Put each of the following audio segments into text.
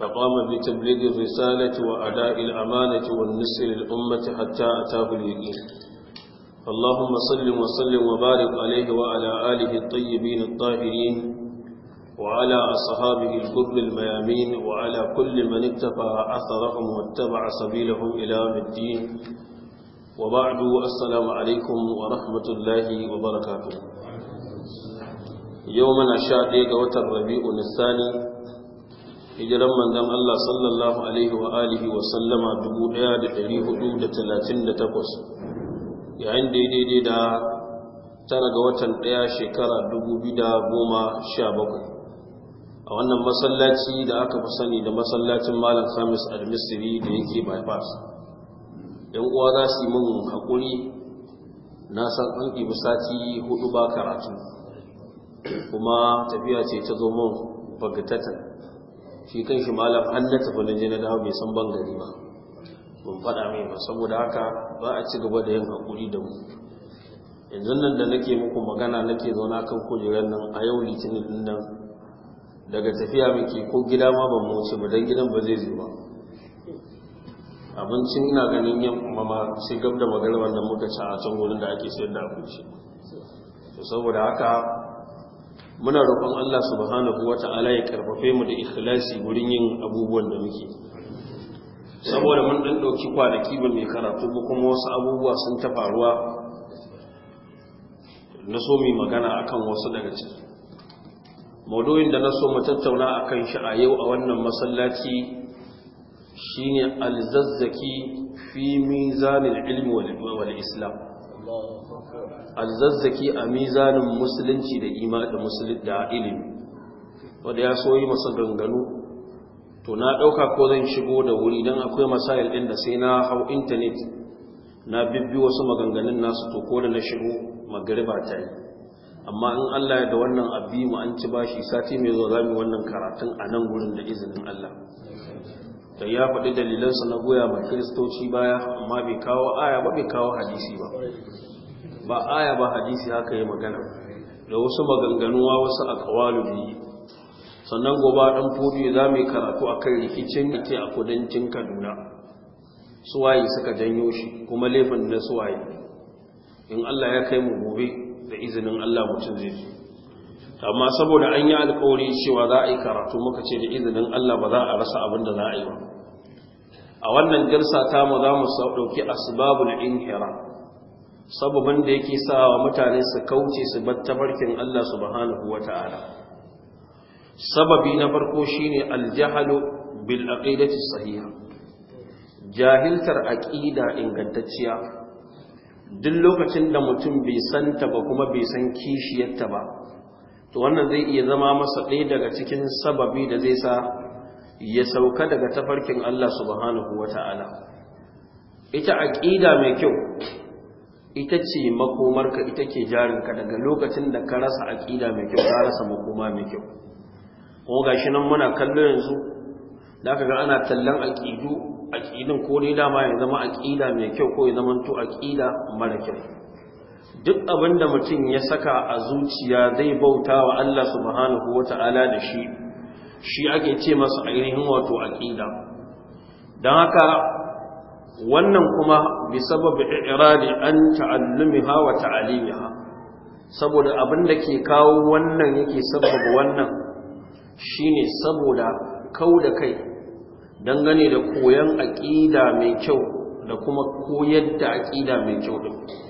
فقام بتبليغ الرسالة وأداء الأمانة والنصر للأمة حتى أتاه اليقين اللهم صل وسلم وبارك عليه وعلى آله الطيبين الطاهرين وعلى أصحابه الكر الميامين وعلى كل من اتبع أثرهم واتبع سبيلهم إلى الدين وبعد السلام عليكم ورحمة الله وبركاته يومنا شاء ديك وتر ربيع الثاني hijiran manzon Allah sallallahu alaihi wa alihi wa sallama 1438 yayin da daidai da tara ga watan ɗaya shekara goma sha 2017 a wannan masallaci da aka fi sani da masallacin malam Samis al-misri da yake bypass yan uwa za su yi min haƙuri na san an ɗibi sati hudu ba karatu kuma tafiya ce ta zo min bagatatan shi kan shi malam an na tafi na je na dawo bai san ban gari ba mun faɗa mai ba saboda haka ba a ci gaba da yin haƙuri da mu yanzu nan da nake muku magana nake zauna kan kujerar nan a yau litinin din nan daga tafiya muke ko gida ma ban wuce ba dan gidan ba zai zo ba abincin ina ganin yan mama sai gab da magarban nan muka ci a can gurin da ake sayar da abinci to saboda haka muna roƙon Allah su subhanahu wata'ala ya karfafe mu da ikhlasi wurin yin abubuwan da muke saboda mun dan dauki kwanaki ba mai karatu ba kuma wasu abubuwa sun ta faruwa na so mai magana akan wasu daga ciki Maudoyin da na so mu tattauna akan shi a yau a wannan masallaci shine alzazzaki fi mizanil ilmi wal islam alzazzaki a mizanin musulunci da ima da ilimi wanda ya soyi masa ganganu to na ɗauka ko zan shigo da wuri don akwai masayar ɗin da sai na hau intanet na bibbi wasu maganganun nasu to ko da na shigo magariba ta yi amma in Allah ya da wannan abi mu an ci bashi sati mai zuwa zamu wannan karatun a nan gurin da izinin Allah da ya faɗi dalilansa na goya ma kiristoci baya amma bai kawo aya ba bai kawo hadisi ba ba aya ba hadisi haka yi magana da wasu maganganuwa wasu a kawalu biyu sannan gobe ɗan fodi za mu karatu a kan rikicin da ke a kudancin kaduna su waye suka janyo shi kuma laifin na suwaye in allah ya kai mu gobe da izinin allah mutum zai ji amma saboda an yi alkawari cewa za a yi karatu muka ce da izinin Allah ba za a rasa abin da za a yi ba a wannan jalsa ta mu za mu asbabu asbabul inhira sababin da yake sawa mutane su kauce su bar tabarkin Allah subhanahu wata'ala sababi na farko shine aljahalu bil aqidati sahiha jahiltar aqida ingantacciya duk lokacin da mutum bai santa ba kuma bai san kishiyarta ba to wannan zai iya zama masa ɗaya daga cikin sababi da zai sa ya sauka daga tafarkin Allah subhanahu wata'ala ita aƙida mai kyau ita ce makomarka ita ke jarinka daga lokacin da ka rasa aƙida mai kyau ka rasa makoma mai kyau kuma shi nan muna kallo yanzu da aka ga ana tallan aƙidu aƙidin ko dai dama ya zama aƙida mai kyau ko ya zama to aƙida mara kyau duk abin da mutum ya saka a zuciya zai bauta wa Allah subhanahu wa ta'ala da shi shi ake ce masu ainihin wato aƙida don haka wannan kuma bi sababi iradi an ha wa ha saboda abin da ke kawo wannan yake sababa wannan shi ne saboda kau da kai dangane da koyon aƙida mai kyau da kuma koyar da aƙida mai kyau ɗin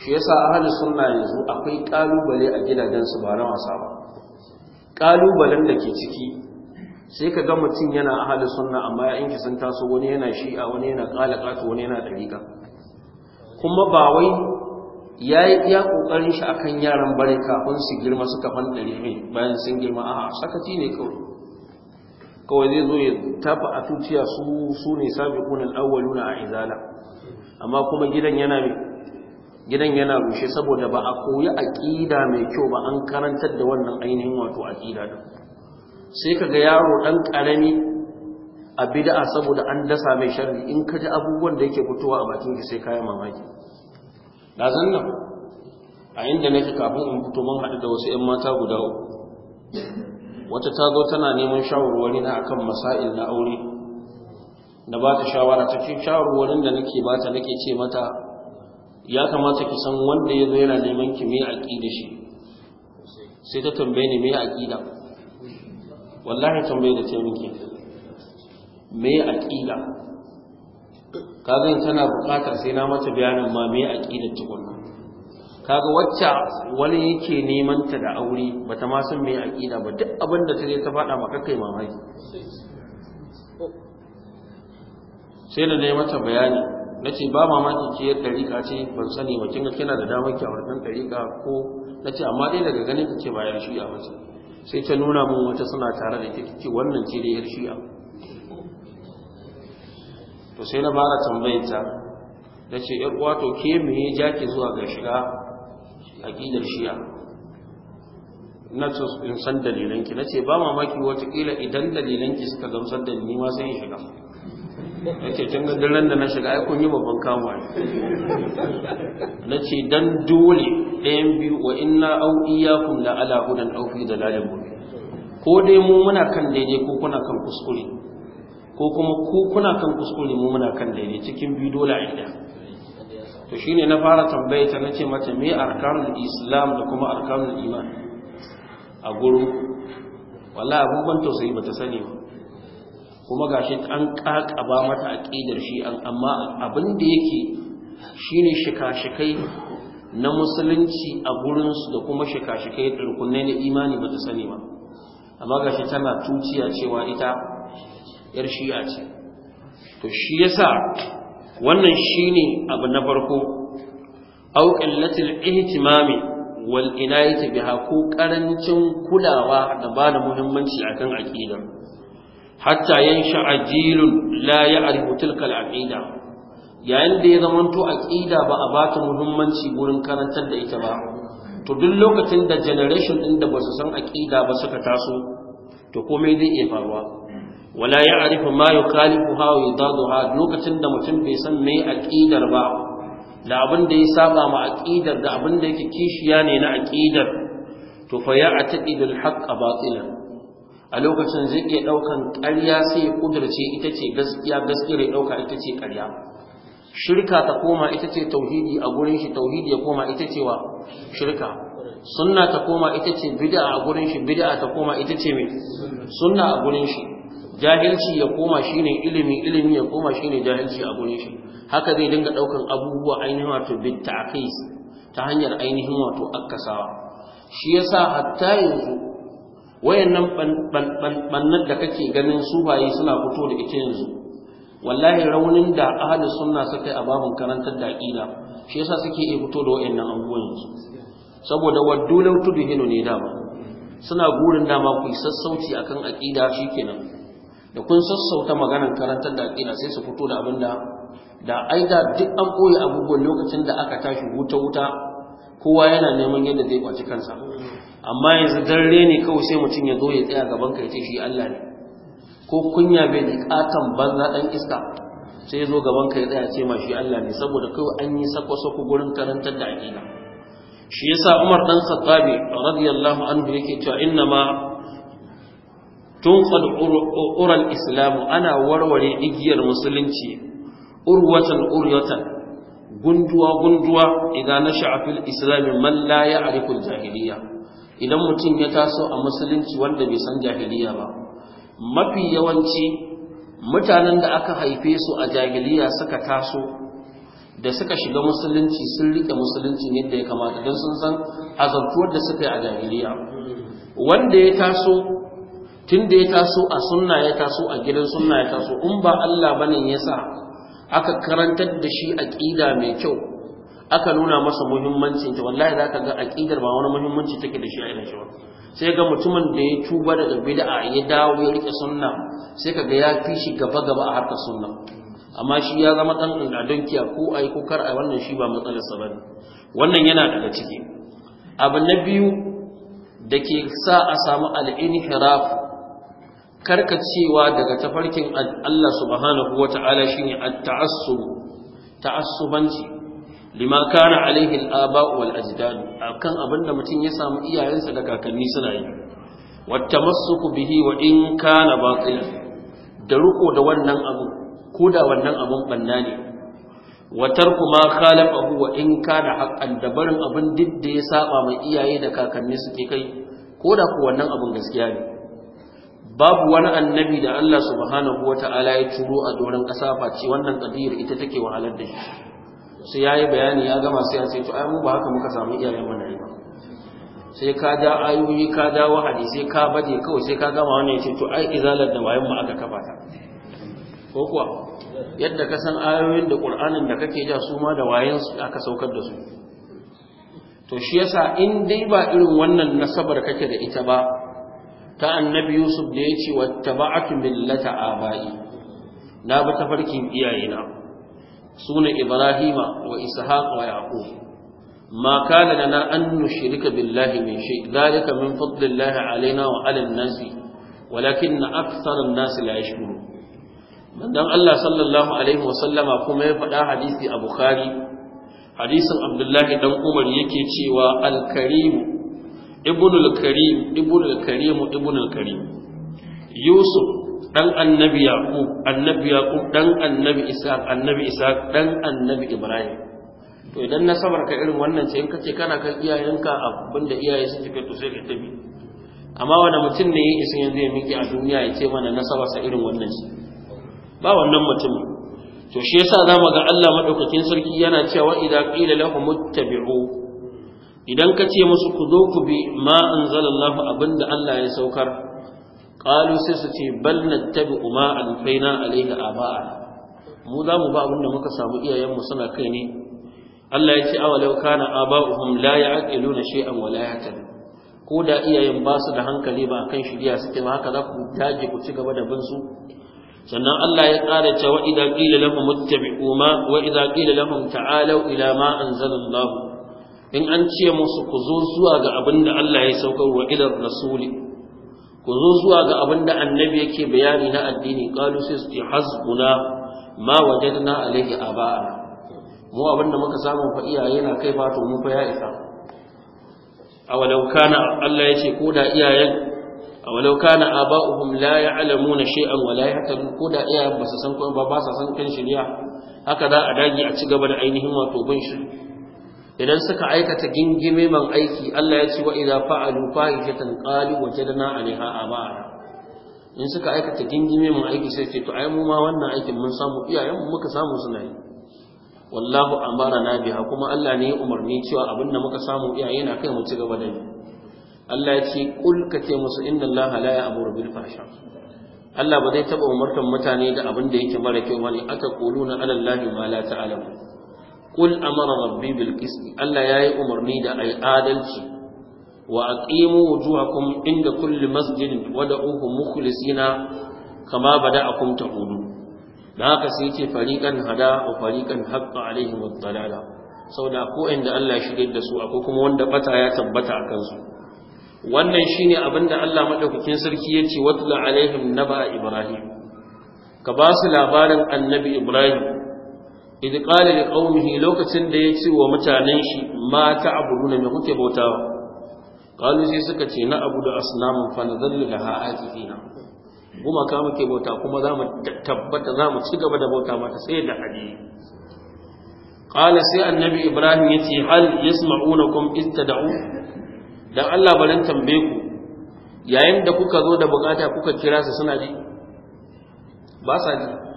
shi yasa ahli sunna yanzu akwai kalubale a gidajen su ba na wasa ba kalubalen da ke ciki sai ka ga mutum yana ahli sunna amma ya inki sun taso wani yana shi'a wani yana qalaqatu wani yana dariqa kuma ba wai ya yi iya kokarin shi akan yaran bare kafin su girma suka fan dariqi bayan sun girma a'a sakati ne kawai kawai zai zo ya tafi a tuciya su su ne sabiqun al-awwaluna a izala amma kuma gidan yana mai gidan yana rushe saboda ba a koyi aƙida mai kyau ba an karantar da wannan ainihin wato aƙida din sai kaga yaro dan karami a bid'a saboda an dasa mai sharri in ka abubuwan da yake fitowa a bakin ki sai kayi mamaki da zanna a inda nake kafin in fito mun haɗu da wasu 'yan mata guda wata ta zo tana neman shawarwari na akan masail na aure na ba ta shawara cikin shawarwarin da nake ba ta nake ce mata ya kamata ki san wanda ya zo yana neman ki mai aqida shi sai ta tambaye ni mai aqida wallahi tambaye da taimaki mai aqida kaga in tana bukata sai na mata bayanin ma mai aqida tukunna kaga wacce wani yake neman ta da aure bata ma san mai aqida ba duk abin da je ta faɗa maka kai mamaki sai da ne mata bayani na ce ba mamaki ce yar ɗariƙa ce ban sani ba kinga kina da damar ki a wannan ɗariƙa ko na ce amma dai daga ganin ki ce ba yar shi'a ba ce sai ta nuna mun wata suna tare da ke ce wannan ce da yar shi'a to sai na fara tambayarta na ce yar uwa to ke me ya ja ki zuwa ga shiga gidan shi'a na ce in san dalilanki na ce ba mamaki wataƙila idan dalilanki suka gamsar da ni ma sai in shiga yace kin ga daren da na shiga ai kun yi babban kamu na ce don dole ɗayan biyu wa inna au iyyakum da ala hudan aufi da lalin mubin ko dai mu muna kan daidai ko kuna kan kuskure ko kuma ku kuna kan kuskure mu muna kan daidai cikin biyu dole a ɗaya to shine na fara tambaye ta ce mata me arkanul islam da kuma arkanul iman a gurin wallahi abubuwan tausayi bata sani ba kuma ga gashi an ƙaƙaba mata aƙidar shi amma abin da yake shi shika-shikai na musulunci a gurinsu da kuma shikashikai shikai rukunai na imani ba ta sani ba amma shi tana tuciya cewa ita yar shi'a ce to shi yasa wannan shi ne abu na farko auƙin latin ihtimami wal ta biha ko ƙarancin kulawa da ba da muhimmanci akan aƙidar. hatta yansha ajilun la ya'rifu tilka al yayin da ya zamanto aqida ba a bata muhimmanci gurin karantar da ita ba to duk lokacin da generation din da basu san aqida ba suka taso to komai zai iya faruwa wala ya'rifu ma yukhalifuha wa yudaduha lokacin da mutum bai san me aqidar ba da abin da ya saba ma aqidar da abin da yake kishiya ne na aqidar to fa ya'taqidu al-haqq batilan a lokacin zai iya ɗaukan ƙarya sai ya ita ce gaskiya gaskiya ya ɗauka ita ce ƙarya shirka ta koma ita ce tauhidi a gurin shi tauhidi ya koma ita ce wa shirka sunna ta koma ita ce bid'a a gurin shi bid'a ta koma ita ce mai sunna a gurin shi jahilci ya koma shine ilimi ilimi ya koma shine jahilci a gurin shi haka zai dinga ɗaukan abubuwa ainihin wato bit ta'qis ta hanyar ainihin wato akkasawa shi yasa hatta yanzu wayannan bannan da kake ganin sufaye suna fito da ita yanzu wallahi raunin da ahli sunna suka yi a babun karantar da aqida shi yasa suke iya fito da wayannan abubuwan yanzu saboda waddu law tudhinu ne dama suna gurin dama ku sassauci akan aqida kenan da kun sassauta maganar karantar da aqida sai su fito da abinda da ai duk an koyi abubuwan lokacin da aka tashi wuta wuta kowa yana neman yadda zai kwaci kansa amma yanzu dare ne kawai sai mutum ya zo ya tsaya gaban ka ya ce shi Allah ne ko kunya bai da katon banza dan iska sai ya zo gaban ka ya tsaya ce ma shi Allah ne saboda kawai an yi sako-sako gurin karantar da aƙida shi yasa Umar dan Khattabi radiyallahu anhu yake cewa inna ma tunqad qur'an islam ana warware igiyar musulunci urwatan urwatan gunduwa gunduwa idan nasha'a fil islam man la ya'rifu al jahiliya idan mutum ya taso a musulunci wanda bai san jahiliya ba mafi yawanci mutanen da aka haife su a jahiliya suka taso da suka shiga musulunci sun rike musulunci yadda ya kamata don sun san azabtuwar da suka yi a jahiliya wanda ya taso tun da ya taso a sunna ya taso a gidan sunna ya taso in ba Allah bane ya sa aka karantar da shi aqida mai kyau aka nuna masa muhimmancin ta wallahi zaka ga aqidar ba wani muhimmanci take da shi a irin shawar? sai ga mutumin da ya tuba daga bid'a ya dawo ya rike sunna sai ka ga ya fi shi gaba gaba a harkar sunna amma shi ya zama dan dankiya ko ai ko kar ai wannan shi ba matsalar ba bane wannan yana daga ciki abu na biyu da ke sa a samu al karkacewa daga tafarkin Allah subhanahu wata'ala shine at-ta'assub ta'assubanci lima kana alaihi al'aba wal ajdad akan abinda mutum ya samu iyayensa da kakanni suna yi wattamassuku bihi wa in kana batil da ruko da wannan abu ko da wannan abun banna ne wa tarku ma abu wa in kana haqqan da barin abin didda ya saba mai iyaye da kakanni su ke kai ko da ku wannan abun gaskiya ne babu wani annabi da Allah subhanahu wataala ya turo a doron kasa face wannan kabir ita take wahalar da shi sai ya yi bayani ya gama sai ya ce to ai mu ba haka muka samu iyayen mu na riba sai ka da ayoyi ka da wahadi sai ka baje kawai sai ka gama wannan ce to ai izalar da wayan mu aka kafa ta ko kuwa yadda ka san ayoyin da qur'anin da kake ja su ma da wayan su aka saukar da su to shi yasa in dai ba irin wannan nasabar kake da ita ba ta annabi yusuf da ya ce wattaba'atu millata abai na bi tafarkin iyayena Sunan ibrahima wa ishaq wa yaqub ma kana lana an nushrika billahi min shay dalika min fadlillahi alaina wa ala an-nasi walakin aktharu an-nasi la yashkurun manzon Allah sallallahu alaihi wa kuma ya faɗa hadisi a bukhari hadisin abdullahi dan umar yake cewa al-karim ibnul karim yusuf dan annabi yaqub annabi yaqub dan annabi isa annabi isa dan annabi ibrahim to idan nasabar ka irin wannan ce in kace kana kan iyayenka abinda iyaye su tafi to sai ka tabi amma wani mutum ne ya isa yanzu ya miki a duniya ya ce mana nasaba sa irin wannan shi ba wannan mutum to shi yasa mu ga Allah madaukakin sarki yana cewa idza qila lahum muttabi'u idan kace musu ku zo ku bi ma anzalallahu abinda Allah ya saukar qalu sai su ce bal nattabi'u ma alfaina mu za mu ba abin da muka samu iyayenmu suna kai ne Allah ya ce awalau kana aba'uhum la ya'qiluna shay'an wa la yahtadun ko da iyayen ba su da hankali ba kan shirya suke ba haka za ku dage ku ci gaba da bin su sannan Allah ya ƙara cewa idan qila lahum ittabi'u ma wa idan qila lahum ta'alu ila ma anzalallahu in an ce musu ku zo zuwa ga abin da Allah ya saukar wa ila rasuli ku zo zuwa ga abin da annabi yake bayani na addini qalu sisti hasbuna ma wajadna alayhi aba'ana mu abin da muka samu fa iyaye na kai ba to mu fa ya isa awalau kana Allah yace ko da iyayen awalau kana aba'uhum la ya'lamuna shay'an wa la yahtadun ko da iyayen ba su san ko ba ba su san kan shiriya haka za a dage a ci gaba da ainihin wato bin shi idan suka aikata gingime man aiki Allah ya ce wa idza fa'alu fahishatan qalu wajadna 'alaiha aba'ana in suka aikata gingime man aiki sai ce to ai mu ma wannan aikin mun samu iyayen mu muka samu suna yi wallahu amarana biha kuma Allah ne ya umarni cewa abin da muka samu iyaye na kai mu ci gaba da Allah ya ce kul ka ce musu inna Allah la ya'muru bil fahsha Allah ba zai taba umartar mutane da abin da yake mara kyau bane aka kuluna ala Allah ma la ta'lamu qul amara rabbi bil qist Allah yayi umarni da ai adalci wa a aqimu wujuhakum inda kulli masjidin wad'uhu mukhlisina kama bada'akum ta'udu da haka sai ce fariqan hada wa fariqan haqqa alaihim ad-dalala saboda ko inda Allah shirye da su akwai kuma wanda bata ya tabbata akan su wannan shine abinda Allah madaukakin sarki yace watla alaihim naba ibrahim ka ba su labarin annabi ibrahim idh qala liqaumihi lokacin da yace wa mutanen shi ma ta'buduna me kuke bautawa qalu sai suka ce na abudu asnamun fa nadallu laha aqifina kuma ka muke bauta kuma za mu tabbata za mu ci gaba da bauta mata sai da hadi qala sai annabi ibrahim yace hal yasma'unakum istad'u dan Allah barin tambaye ku yayin da kuka zo da bukata kuka kira su suna ji ba sa ji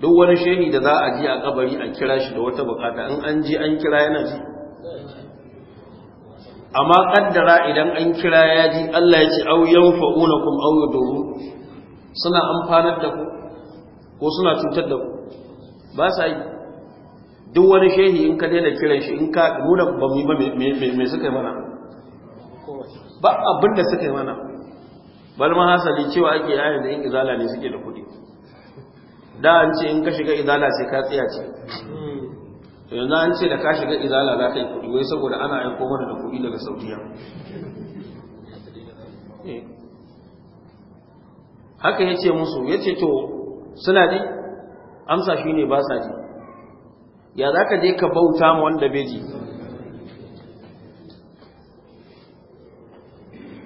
duk wani shehi da za a ji a kabari a kira shi da wata bukata in an ji an kira yana ji amma kaddara idan an kira ya ji Allah ya ce au yanfa'unakum au yadurru suna amfanar da ku ko suna cutar da ku ba sa yi duk wani shehi in ka daina kiran shi in ka nuna ba mu ba me suka yi mana ba abin da suka yi mana bal ma hasali cewa ake yayin da in izala ne suke da kuɗi da an ce in ka shiga izala sai ka tsaya ce to yanzu an ce da ka shiga izala za ka yi kuɗi wai saboda ana aiko mana da kuɗi daga saudiya eh. haka ya ce musu ya ce to suna ji amsa shi ne ba sa ji ya za ka je ka bauta ma wanda bai ji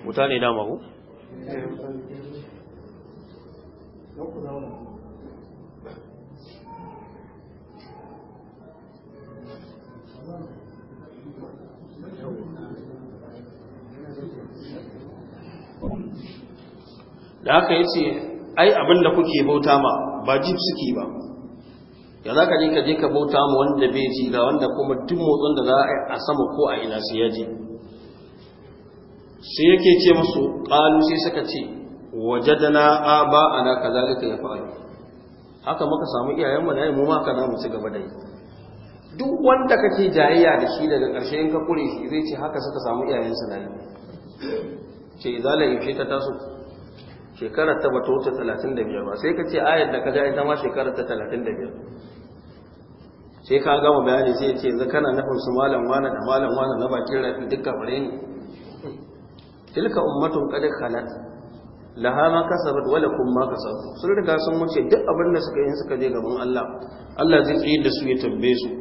mutane dama eh, ku? da haka ya ce ai abin da kuke bauta ma ba jif suke ba ya za ka je ka je ka bauta ma wanda bai ji ga wanda kuma duk motsin da za a yi a sama ko a ina sai ya ji sai yake ce musu ƙalu sai suka ce wajadana a ba ana kaza ka ya faru haka muka samu iyayenmu da yi mu ma ka mu ci gaba da yi duk wanda kake jayayya da shi daga ƙarshe in ka kure shi zai ce haka suka samu iyayensu na yi ce izala yaushe ta taso shekarar ta talatin da 35 ba sai ka ce ayar da ka ga ita ma shekarar ta 35 sai ka gama bayani sai ce yanzu kana nufin su malam wani da malam wani na bakin rafi duk kafare ne tilka ummatun kadar kalat laha ma kasabat kuma maka ma sun riga sun wuce duk abin da suka yi suka je gaban Allah Allah zai tsaye da su ya tambaye su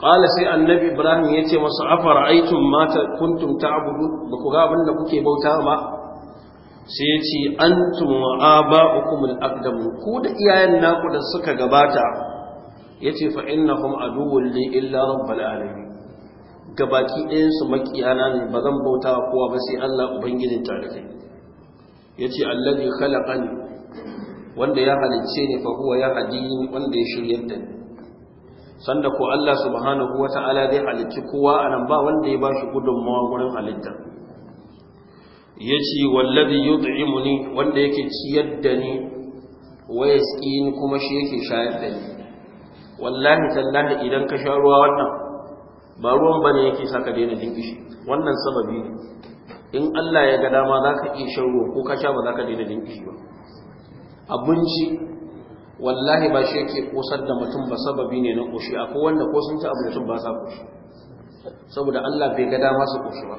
qala sai annabi ibrahim ya ce masu afara aitum mata kuntum ta'budu ba ku ga abin da kuke bauta ba sai ya ce antum wa aba'ukum al ku da iyayen naku da suka gabata yace fa innahum aduwwun li illa rabbil alamin gabaki ɗayan su makiyana ne ba zan bauta kowa ba sai Allah ubangijin Allah yace allazi khalaqani wanda ya halicce ne fa huwa ya hadini wanda ya shiryar da ni sanda ko Allah subhanahu ta’ala zai halicci kowa anan ba wanda ya bashi gudunmawa gurin halitta yace wallazi yut'imuni wanda yake ciyar da ni wa ni kuma shi yake shayar da ni wallahi tallahi idan ka sha ruwa wannan ba ruwan bane yake saka daina jin kishi wannan sababi ne in Allah ya ga dama zaka iya shan ruwa ko ka sha ba zaka daina jin kishi ba abinci wallahi ba shi yake kosar da mutum ba sababi ne na koshi akwai wanda ko sun ci abincin ba sa koshi saboda Allah bai ga dama su koshi ba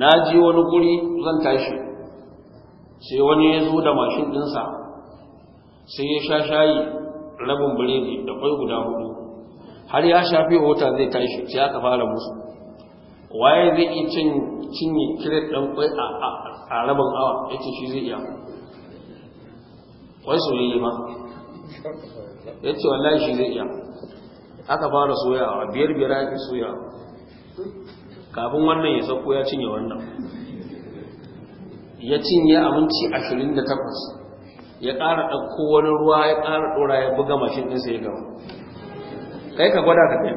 na ji wani guri zan tashi sai wani ya zo da mashin ɗinsa sai ya sha shayi rabin biredi da kwai guda hudu har ya shafi wata zai tashi sai aka fara musu waye zai iya cinye kiret ɗan kwai a rabin awa ya ce shi zai iya wai yi ma ya ce wallahi shi zai iya aka fara soyawa biyar biyar ake soyawa kafin wannan ya sauko ya cinye wannan ya cinye abinci ashirin da takwas ya ƙara ɗauko wani ruwa ya ƙara ɗora ya buga mashin ɗinsa ya gama kai ka gwada ka kai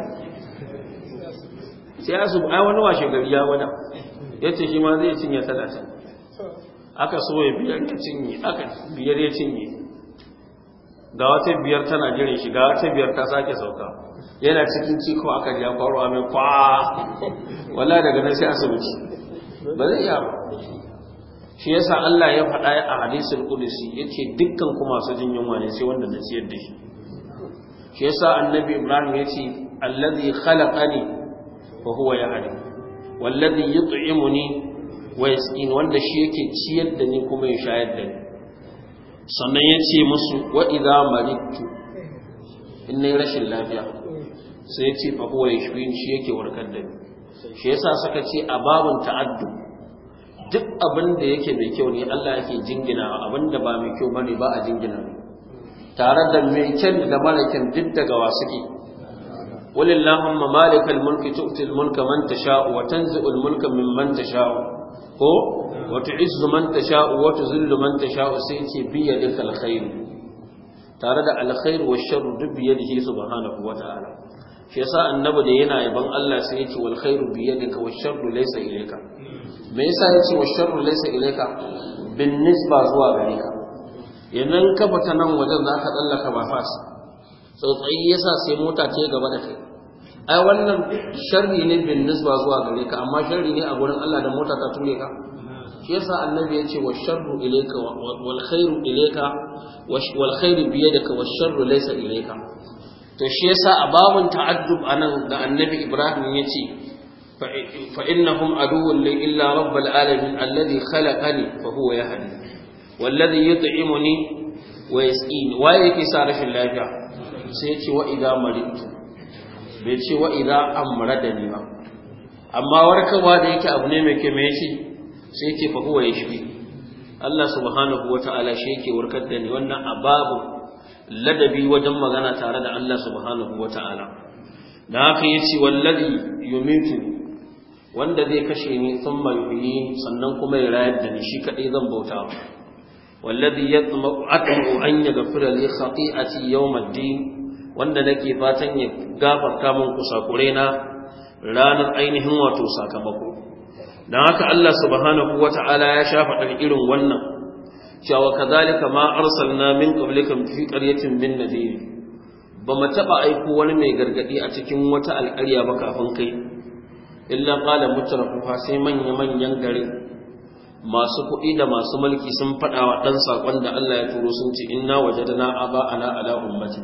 sai asu ai wani washe gari ya gwada ya ce shi ma zai cinye talatin aka so ya biyar ya cinye aka biyar ya cinye ga wata biyar tana jirin shi ga wata biyar ta sake sauka yana cikin ciko aka ji kwaro a mai kwa wala daga nan sai asibiti ba zai iya shi yasa Allah ya faɗa a hadisul qudsi yace dukkan ku masu jin yunwa ne sai wanda na ciyar da shi shi yasa annabi Ibrahim yace allazi khalaqani wa huwa yahdi wallazi yut'imuni wa yasqin wanda shi yake ciyar da ni kuma ya shayar da ni sannan ya ce musu wa idza maritu in nayi rashin lafiya sai ya ce fa huwa yashfin shi yake warkar da ni shi yasa suka ce a babun ta'addu duk abin da yake mai kyau ne Allah yake jingina abin da ba mai kyau bane ba a jingina tare da mai kyan da mara kyan duk daga wa suke وللهم مالك الملك تؤتي الملك من تشاء وتنزع الملك ta sha'u. ko wata izu man sha'u, wata zillu man sha'u, sai ce biya da alkhairu tare da alkhairu wa sharru duk biya da shi subhanahu wa ta'ala shi yasa annabi da yana yaban Allah sai ya ce wal khairu da wa sharru laysa ilayka me yasa ya ce wa sharru laysa ilayka bin nisba zuwa gare ka Yanan ka ta nan wajen za ka tsallaka ba fas tsautsayi yasa sai mota ce gaba da kai ai wannan sharri ne bin nisba zuwa gare ka amma sharri ne a gurin Allah da mota ka ture ka shi yasa annabi ce wa sharru ilayka wal khairu ilayka wal khairu bi yadika wash sharru laysa ilayka to shi yasa a babun ta'addub anan da annabi Ibrahim yace fa innahum aduwwun li illa rabbil alamin alladhi khalaqani fa huwa yahdi والذي يطعمني ويسقيني وايه يكي sa rashin lafiya sai yace wa idza maridtu bai ce wa idza amra da ni ba amma warkarwa da yake abu ne mai kyau mai sai yake fa huwa yashfi Allah subhanahu wata'ala shi yake warkar da ni wannan ababu ladabi wajen magana tare da Allah subhanahu wata'ala da haka yace wallazi yumitu wanda zai kashe ni thumma yuhyi sannan kuma ya rayar da ni shi kaɗai zan bauta wallazi yatma'u atma'u an yaghfira li a ci yau, din wanda nake fatan ya gafarta min kusakure na ranar ainihin wato sakamako dan haka Allah subhanahu wata'ala ya shafa dan irin wannan cewa kazalika ma arsalna min qablikum fi qaryatin min nadir ba mu taba aiko wani mai gargadi a cikin wata alƙarya ba kafin kai illa qala fa sai manya manyan gari masu kuɗi da masu mulki sun faɗa wa ɗan saƙon da Allah ya turo sun ce inna wajadna aba'ana ala ummati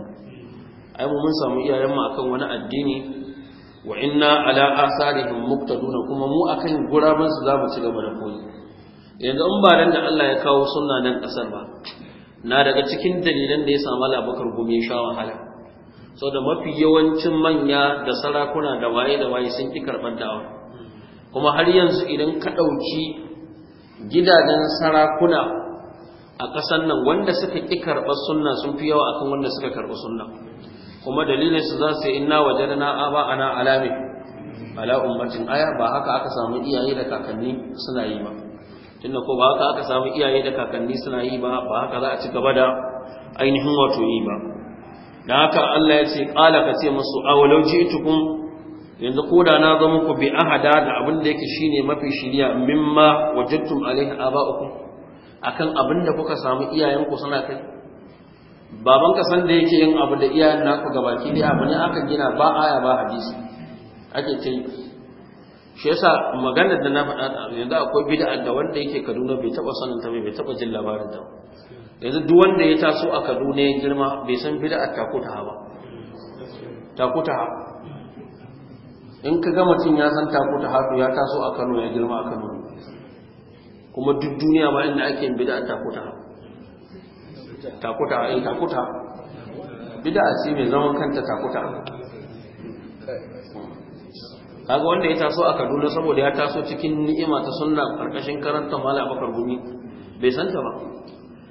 ai mu mun samu iyayen mu akan wani addini wa inna ala asarihim muqtaduna kuma mu akan guraban su zamu ci gaba da koyi yanzu in ba dan da Allah ya kawo sunna nan kasar ba na daga cikin dalilan da ya samu labakar gumi sha wahala saboda mafi yawancin manya da sarakuna da waye da waye sun ki karban da'awa kuma har yanzu idan ka ɗauki gidajen sarakuna a ƙasar nan wanda suka ƙi karɓar sunna sun fi yawa akan wanda suka karɓi sunna kuma dalilin su za su yi inna wajadna aba ana alami ala ummatin aya ba haka aka samu iyaye da kakanni suna yi ba tunda ko ba haka aka samu iyaye da kakanni suna yi ba ba haka za a ci gaba da ainihin wato yi ba da haka Allah ya ce qala ka ce musu awalau ji'tukum yanzu koda na zo muku bi ahada da abin da yake shine mafi shiriya mimma wajattum alaihi aba'ukum akan abin da kuka samu iyayenku suna kai baban ka san da yake yin abu da iyayen naku gabaki dai abu ne aka gina ba aya ba hadisi ake ce shi yasa maganar da na faɗa yanzu akwai bid'a da wanda yake Kaduna bai taba sanin ta bai taba jin labarin ta yanzu duk wanda ya taso a Kaduna ya girma bai san bid'a ta ko ta ba ta ko ta in ka ga mutum ya san ta ko ta ya taso a Kano ya girma a Kano kuma duk duniya ba inda ake yin bid'a ta ko ta takuta eh takuta bid'a ce mai zaman kanta takuta kaga wanda ya taso a Kaduna saboda ya taso cikin ni'ima ta sunna karkashin karanta Malam Bakar Gumi bai san ta ba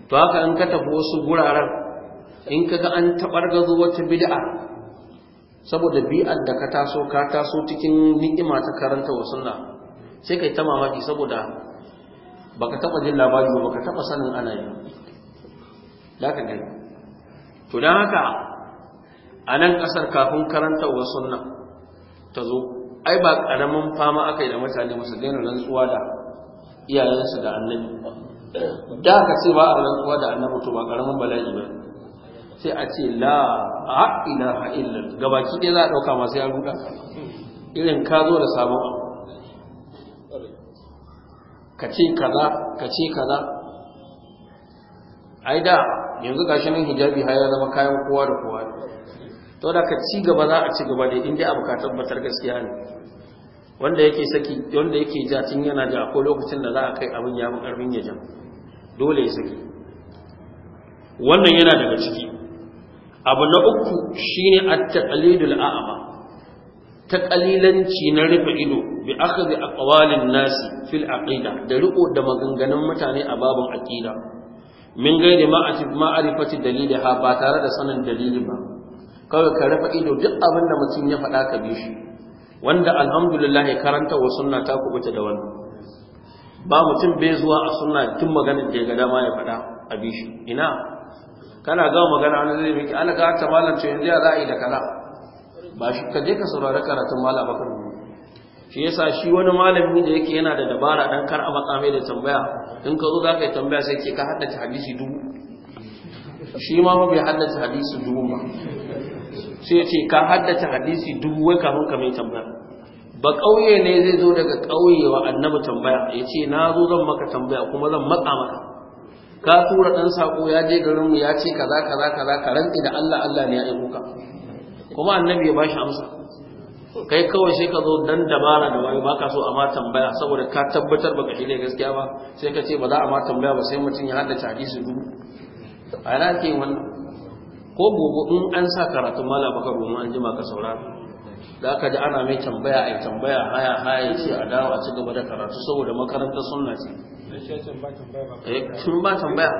to haka in ka tafi wasu guraren in kaga an tabargazo wata bid'a saboda bi'ar da ka taso ka taso cikin ni'ima ta karanta wa sunna sai kai ta mamaki saboda baka taba jin labari ba ka taba sanin ana yi za ka gani to don haka a nan ƙasar kafin karanta wa sunna ta zo ai ba ƙaramin fama aka yi da mutane masu daina rantsuwa da iyayensu da annabi da aka ce ba a rantsuwa da annabi to ba ƙaramin bala'i ba sai a ce la a ha illa gabaki ɗaya za a ɗauka masu ya irin ka zo da sabon abu ka ce kaza ka ce kaza ai da yanzu gashi nan hijabi har ya zama kayan kowa da kowa to da ka ci gaba za a ci gaba da inda a bukatar batar gaskiya ne wanda yake saki wanda yake ja tun yana ja ko lokacin da za a kai abin ya fi karfin ya dole ya saki wannan yana daga ciki abu na uku shine at-taqlidul ta taqalilanci na rufe ido bi akhdhi aqwalin nasi fil aqida da riko da maganganun mutane a babin aƙida. min gairi ma'arifati dalili ha ba tare da sanin dalili ba kawai ka rafa ido duk abin da mutum ya faɗa ka bi shi wanda alhamdulillah karanta wa sunna ta kubuta da wani, ba mutum bai zuwa a sunna tun magana da ya ga dama ya faɗa a bi shi ina kana ga magana wani zai miki alaka ta malam ce yanzu ya za a yi da kana ba shi ka je ka saurari karatun malam bakar shi yasa shi wani malami da yake yana da dabara dan kar a matsa mai da tambaya in ka zo za ka yi tambaya sai ke ka haddace hadisi dubu shi ma ba bai haddace hadisi dubu ba sai ce ka haddace hadisi dubu wai kafin ka mai tambaya ba ƙauye ne zai zo daga ƙauye wa annabi tambaya ya ce na zo zan maka tambaya kuma zan matsa maka ka tura ɗan saƙo ya je garinmu ya ce kaza kaza kaza ka rantsi da Allah Allah ne ya aiko ka kuma annabi ya bashi amsa kai kawai sai ka zo dan dabara da wani baka so a ma tambaya saboda ka tabbatar baka shi ne gaskiya ba sai ka ce ba za a ma tambaya ba sai mutum ya hada caji su dubu a yana ke wannan ko gobe in an sa karatun mala baka roma an jima ka saura da aka ji ana mai tambaya a tambaya haya haya ce a dawo a ci gaba da karatu saboda makarantar sunna ce eh, tun ba tambaya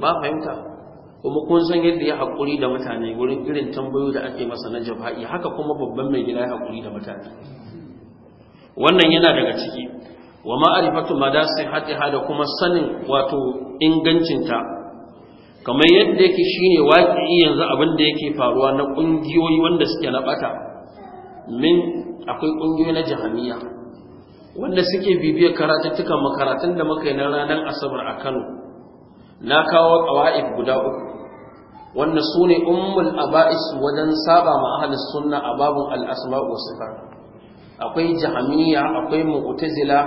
ba fahimta kuma kun san yadda ya haƙuri da mutane wurin irin tambayoyi da ake masa na jafa'i haka kuma babban mai gida ya haƙuri da mutane wannan yana daga ciki wa ma'arifatu haɗe-haɗe kuma sanin wato ingancinta kamar yadda yake shine waƙi yanzu abin da yake faruwa na ƙungiyoyi wanda suke na ɓata min akwai ƙungiyoyi na jahamiya wanda suke bibiyar karatuttukan makaratun da muka yi na ranar asabar a Kano na kawo ƙawa'id guda uku wanda su ne ummul aba'is wajen saba ma ahlus sunna a babun al'asma'u asma wa sifat akwai jahamiya, akwai mu'tazila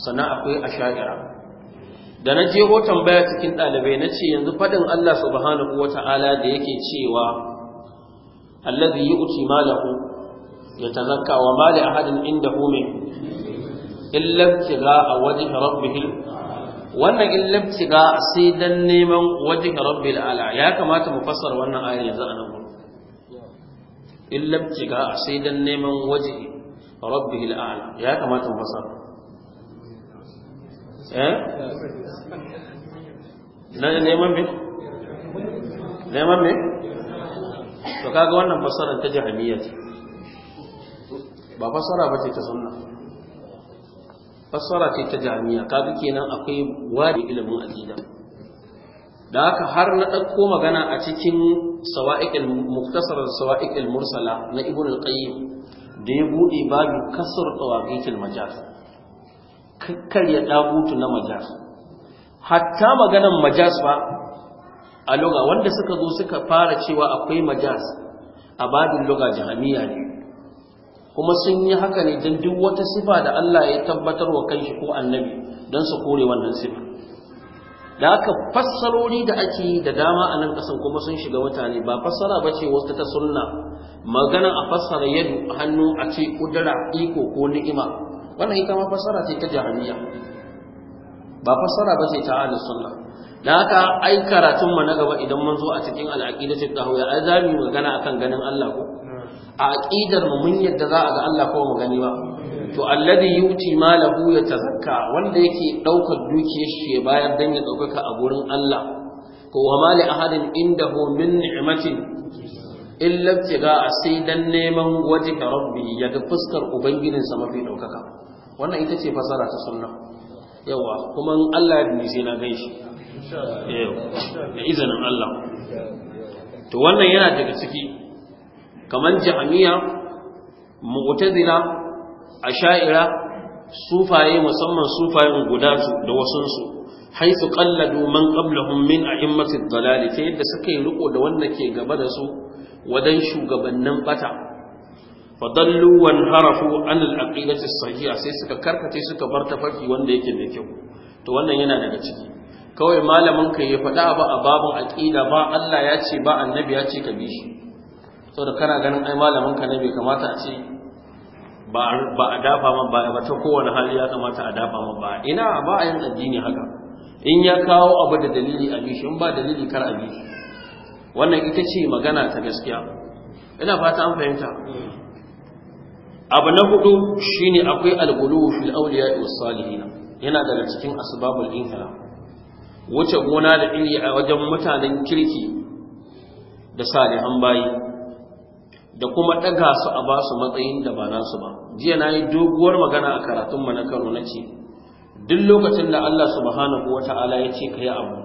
sannan akwai asha'ira da na jeho tambaya cikin ɗalibai na ce yanzu faɗin Allah subhanahu wa ta'ala da yake cewa allazi yu'ti malahu yatazakka wa mali ahadin indahu min illa ibtigha wajhi rabbihil wannan in tiga sai dan neman wajen rabbil ala ya kamata mu fassara wannan ayar yanzu a nan gudu In tiga sai dan neman wajen rabbil ala ya kamata mu fassara eh na neman me neman me to kaga wannan fassara ta jahamiyya ce ba fassara ba ce ta sunna fassara ce ta jami'a kaga kenan akwai wari ilimin aqida da haka har na ɗauko magana a cikin sawa'iqil muktasar sawa'iqil mursala na ibn al-qayyim da ya bude babu kasar tawaqiqil majaz ya dagutu na majaz hatta maganan majaz ba a loga wanda suka zo suka fara cewa akwai majaz a babin loga jahamiya ne kuma sun yi haka ne don duk wata sifa da Allah ya tabbatar wa kanshi ko annabi don su kore wannan sifa da aka fassarori da ake yi da dama a nan kasan kuma sun shiga mutane ba fassara ba ce wata ta sunna magana a fassara yadu hannu a ce kudura iko ko ni'ima wannan ita ma fassara ce ta jahaniya ba fassara ba ce ta ahlus sunna da aka ai karatun mu na gaba idan mun zo a cikin al-aqidatul tahawiyya ai za mu magana akan ganin Allah ko a aqidar mu mun yadda za a ga Allah ko mu gani ba to alladhi yuti malahu yatazakka wanda yake daukar dukiyar shi bayar dan ya daukaka a gurin Allah ko wa mali ahadin indahu min ni'matin illa tiga sai dan neman waje ka rabbi ya ga fuskar ubangijin sa mafi daukaka wannan ita ce fasara ta sunna yawa kuma Allah ya dinne sai na gaishe da izinin Allah to wannan yana daga ciki kamar jami'a mu'tazila asha'ira sufaye musamman sufayen guda da wasunsu haisu qalladu man qablahum min a'immati masu dalali, ta yadda suka yi riko da wanda ke gaba da su wadan shugabannin bata fadalluwan harafu an al-aqidati sai suka karkace suka bar farki wanda yake da kyau to wannan yana daga ciki kawai malamin ka ya faɗa ba a babin aqida ba Allah ya ce ba annabi ya ce ka bi shi saboda kana ganin ai malamin ka ne bai kamata a ce ba a dafa man baya ba ta kowane hali ya kamata a dafa man baya ina ba a yin addini haka in ya kawo abu da dalili a bishi in ba dalili kar a bishi wannan ita ce magana ta gaskiya ina fata an fahimta abu na hudu shine akwai algulu fil awliya was salihin yana daga cikin asbabul inhira wuce gona da iri a wajen mutanen kirki da salihan bayi da kuma ɗaga su a ba su matsayin da ba nasu ba jiya na yi doguwar magana a karatunmu na karo na ce duk lokacin da Allah subhanahu wa ta'ala ya ce ka yi abu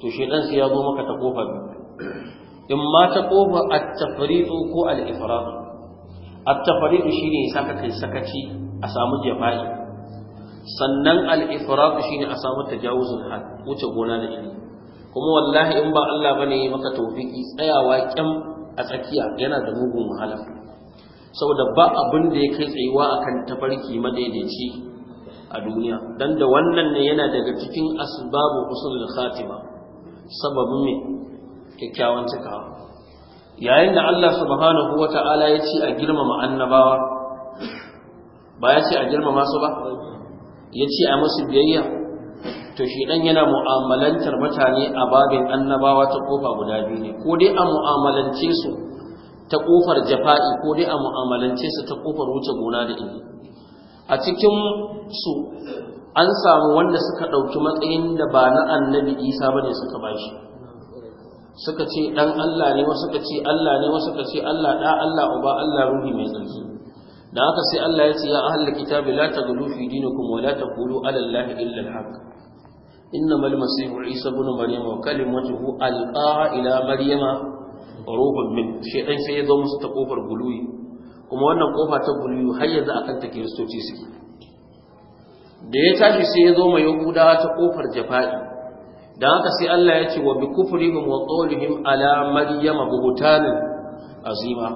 to shaidan sai ya zo maka ta kofa in ma ta kofa at-tafriqu ko al-ifrat at-tafriqu ne saka kai sakaci a samu jafa'i sannan al shi ne a samu tajawuzul had wuce gona da iri kuma wallahi in ba Allah bane maka tawfiki tsayawa kyam a tsakiya yana da mugun wahala saboda ba abin da ya kai tsayuwa akan tafarki madaidaici a duniya dan da wannan ne yana daga cikin asbabu da khatima sababin mai kyakkyawan cikawa yayin da Allah subhanahu wata'ala ya ce a girmama annabawa ba ya ce a girmama su ba ya ce a masu biyayya to dan yana mu'amalantar mutane a babin annabawa ta kofa guda biyu ne ko dai a mu'amalance su ta kofar jafa'i ko dai a mu'amalance su ta kofar wuce gona da ini a cikin su an samu wanda suka ɗauki matsayin da ba na annabi isa ba ne suka bashi suka ce ɗan allah ne wasu ka ce allah ne wasu ka ce allah ɗa allah uba allah ruhi mai tsarki da haka sai allah ya ce ya ahlul kitabi la taghlu fi dinikum wa la taqulu ala allahi illa al-haqq إنما المسيح عيسى بن مريم وكلمته ألقاها إلى مريم وروح منه شيئا سيدو مستقوفر قلوي kuma wannan kofa ta guluyu har yanzu akan ta kiristoci suke da ya tashi sai ya zo mai yahudawa ta kofar jafa'i dan haka sai Allah ya ce wa bi kufrihim wa qawlihim ala maryama buhtanan azima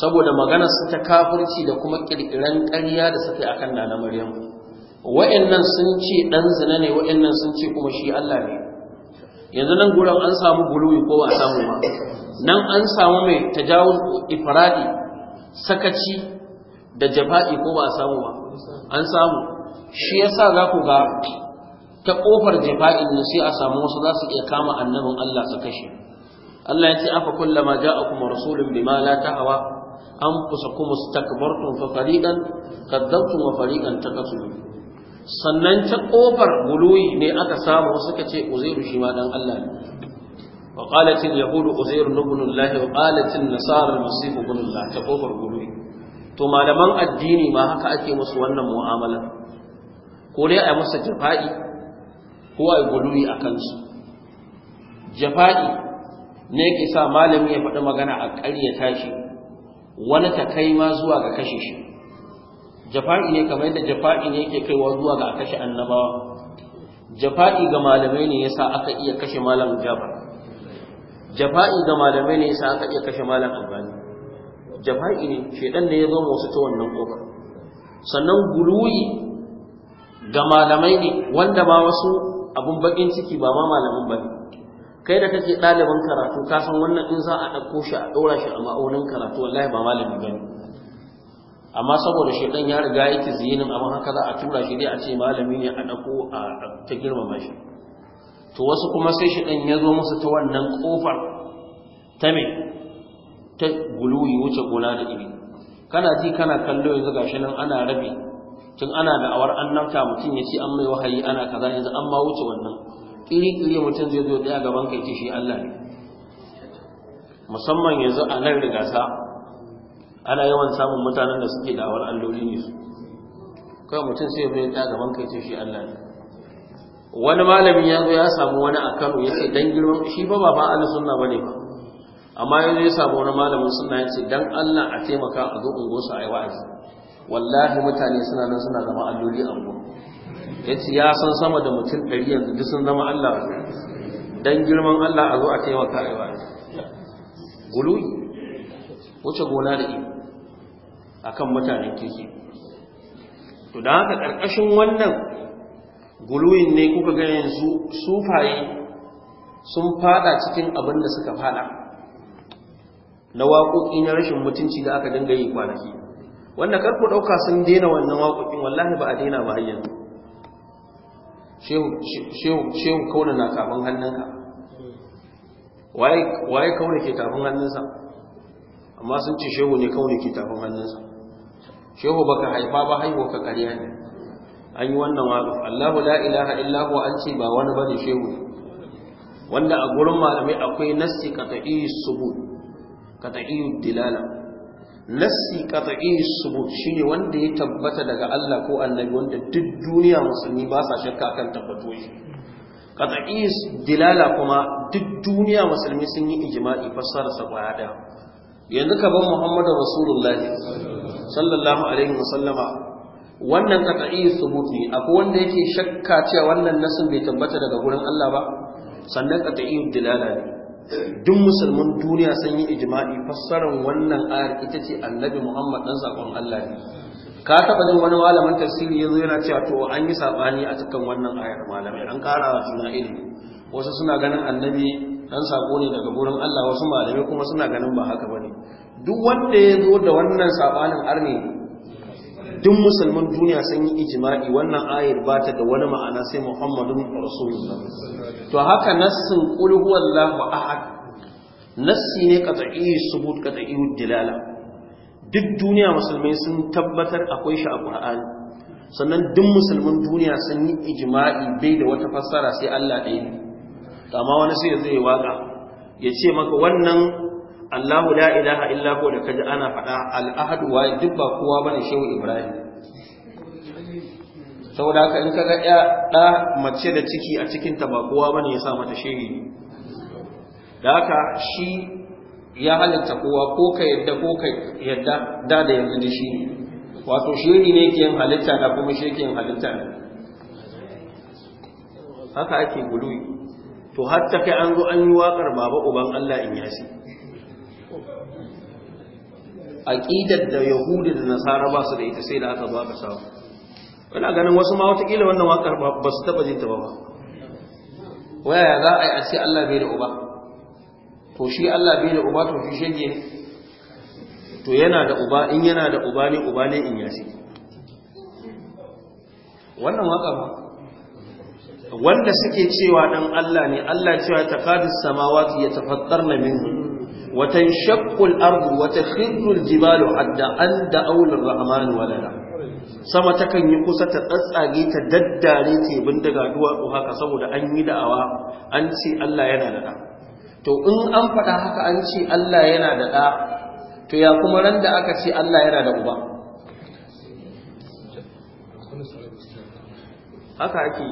saboda maganar su ta kafirci da kuma kirkiran ƙarya da suke akan nana maryam nan sun ce ɗan zina ne wa'in nan sun ce kuma shi Allah ne yanzu nan gudan an samu guluwi ko ba samu ba nan an samu mai jawo ifiradi, sakaci da jafa'i ko ba samu ba an samu shi ya sa za ku ga ta ƙofar jafa'in ne sai a samu wasu za su iya kama annabin Allah su kashe Allah ya ce afa kullama kuma rasulun bima la kuma anfusakum istakbartum fa fariqan qaddamtum wa ta kasu. sannan ta ƙofar guluyi ne aka samu suka ce uzairu shi ma ɗan Allah ne wa qalatil yahudu uzairu ibn Allah wa qalatil nasara al-masih ta ƙofar guluyi to malaman addini ma haka ake musu wannan mu'amalar ko dai a masa jafa'i ko a guluyi a kansu jafa'i ne ke sa malami ya faɗi magana a ƙarya tashi wani ta kai ma zuwa ga kashe shi jafa'i ne kamar yadda jafa'i ne yake kaiwa zuwa ga kashe annabawa jafa'i ga malamai ne yasa aka iya kashe malam jafar jafa'i ga malamai ne yasa aka iya kashe malam albani jafa'i ne shedan ne ya zo musu ta wannan kofar sannan guluyi ga malamai ne wanda ba wasu abun bakin ciki ba ma malamin ba kai da kake ɗaliban karatu ka san wannan in za a ɗauko shi a ɗora shi a ma'aunin karatu wallahi ba malami ba ne amma saboda shedan ya riga yake zinin abin haka za a tura shi dai a ce malami ne a dako a ta girmama shi to wasu kuma sai shedan ya zo musu ta wannan kofar ta me ta guluyi wuce gona da iri kana ji kana kallo yanzu gashi nan ana rabi tun ana da awar annabta mutum ya ce an mai wahayi ana kaza yanzu an wuce wannan kiri-kiri mutum zai zo daya gaban kai ce shi Allah ne musamman yanzu a nan rigasa ana yawan samun mutanen da suke da'awar alloli ne su kawai mutum sai zai ta gaban kai ce shi Allah ne wani malami ya zo ya samu wani a Kano ya ce dan girman shi ba ba ahli sunna bane ba amma yanzu ya samu wani malamin sunna ya ce dan Allah a taimaka a zo ungo su ayi wa'azi wallahi mutane suna nan suna zama alloli a ungo ce ya san sama da mutum ɗari yanzu duk sun zama Allah dan girman Allah a zo a taimaka ayi wa'azi guluyi wuce gona da ido akan mutanen kirki to da haka ƙarƙashin wannan guluyin ne kuka ga yanzu sufaye sun fada cikin abin da suka fada na waƙoƙi na rashin mutunci da aka dinga yi kwanaki wanda karku ɗauka sun daina wannan waƙoƙin wallahi ba a daina ba yanzu shehu kauna na kafin hannunka waye kauna ke tafin hannunsa amma sun ce shehu ne kauna ke tafin hannunsa shehu baka haifa ba haihu ka ƙarya ne an yi wannan waƙaf Allahu la ilaha illa huwa an ce ba wani bane shehu wanda a gurin malamai akwai nassi qat'i subut qat'i dilala nassi qat'i subut shine wanda ya tabbata daga Allah ko annabi wanda duk duniya musulmi ba sa shakka kan tabbato shi qat'i dilala kuma duk duniya musulmi sun yi ijma'i fassara sa kwaya daya yanzu ka bar Muhammadu Rasulullahi sallallahu alaihi wasallama wannan qat'i thubut akwai wanda yake shakka cewa wannan nasin bai tabbata daga gurin Allah ba sannan qat'i dilala ne duk musulmin duniya sun yi ijma'i fassarar wannan ayar ita ce annabi Muhammad dan sakon Allah ne ka taba jin wani malamin tafsiri yanzu yana cewa to an yi sabani a cikin wannan ayar malamai an kara suna ilimi wasu suna ganin annabi dan sako ne daga gurin Allah wasu malamai kuma suna ganin ba haka bane duk wanda ya zo da wannan sabanin arni duk musulman duniya sun yi ijima'i wannan ayar ba ta da wani ma'ana sai muhammadun rasulullah to haka nassin qul huwallahu ahad nassi ne qat'i subut qat'i dilala duk duniya musulmai sun tabbatar akwai shi a qur'ani sannan duk musulmin duniya sun yi ijima'i bai da wata fassara sai Allah ɗaya ne amma wani sai ya zai waka ya ce maka wannan Allahu la ilaha illa ko da kaji ana faɗa al-ahad wa duk ba kowa bane shehu Ibrahim saboda haka in kaga ya da mace da ciki a cikin ta ba kowa bane ya sa mata shehu da haka shi ya halitta kowa ko ka yadda ko ka yadda da da yanzu da shi wato shehu ne ke yin halitta da kuma shehu ke yin halitta haka ake guluwi to hatta kai an zo an yi waƙar baba uban Allah in yasi aqidar da yahudi da nasara ba su da ita sai da aka zo aka samu ina ganin wasu ma watakila wannan wakar ba su taba jin ta ba waya za a yi a ce Allah bai da uba to shi Allah bai da uba to shi shege to yana da uba in yana da uba ne uba ne in yashi wannan waka ba wanda suke cewa dan Allah ne Allah cewa taqadus samawati yatafattarna minhu وتنشق الأرض وتخر الجبال حتى أن دعوا للرحمن ولدا sama takan yi kusa ta tsatsage ta daddare ce bindiga duwatsu haka saboda an yi da'awa an ce Allah yana da ɗa to in an faɗa haka an ce Allah yana da ɗa to ya kuma ran da aka ce Allah yana da uba haka ake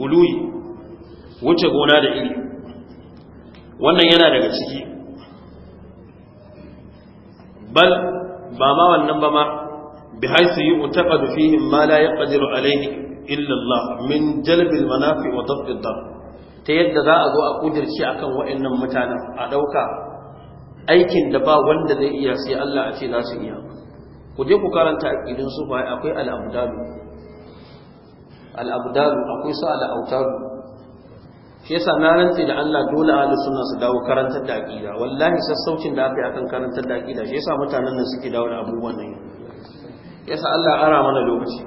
guluyi wuce gona da iri wannan yana daga ciki bal ba ma wannan ba ma bi haisu yi utaqadu fihim ma la yaqdiru alayhi illa min jalbil manafi wa daf'id dar ta yadda za a zo a kudirce akan waɗannan mutanen a ɗauka aikin da ba wanda zai iya sai Allah a ce za su iya ku je ku karanta aqidin sufa akwai al akwai sa al-autaru shi yasa na rantse da Allah dole ahlus sunna su dawo karantar da aqida wallahi sassaucin da aka yi akan karantar da aqida shi yasa mutanen nan suke dawo da abubuwan nan yasa Allah ara mana lokaci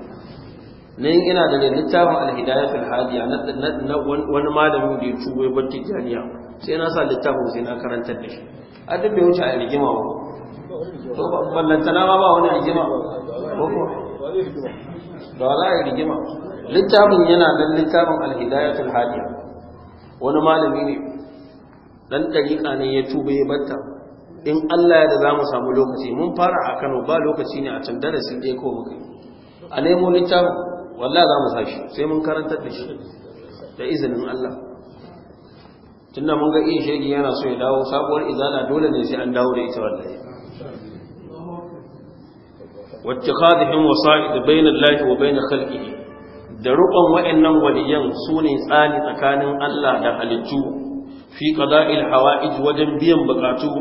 ne ina da littafin al-hidayatul hadiya na wani malamin da ya tubo ya barci janiya sai na sa littafin sai na karantar da shi a duk bai wuce a rigima ba to ballantana ma ba wani rigima ko ko da wala rigima littafin yana nan littafin al-hidayatul hadiya wani malami ne dan dariƙa ne ya tuba ya batta in Allah ya da za mu samu lokaci mun fara a Kano ba lokaci ne a can darasi ɗaya ko muka a nemo littafin wallahi za mu sashi sai mun karantar da shi da izinin Allah tunda mun ga iya shege yana so ya dawo sabuwar izala dole ne sai an dawo da ita wallahi واتخاذهم وصائد بين الله وبين خلقه da rukun wa'annan waliyan su ne tsani tsakanin Allah da halittu fi qada'il hawa'ij wajen biyan bukatu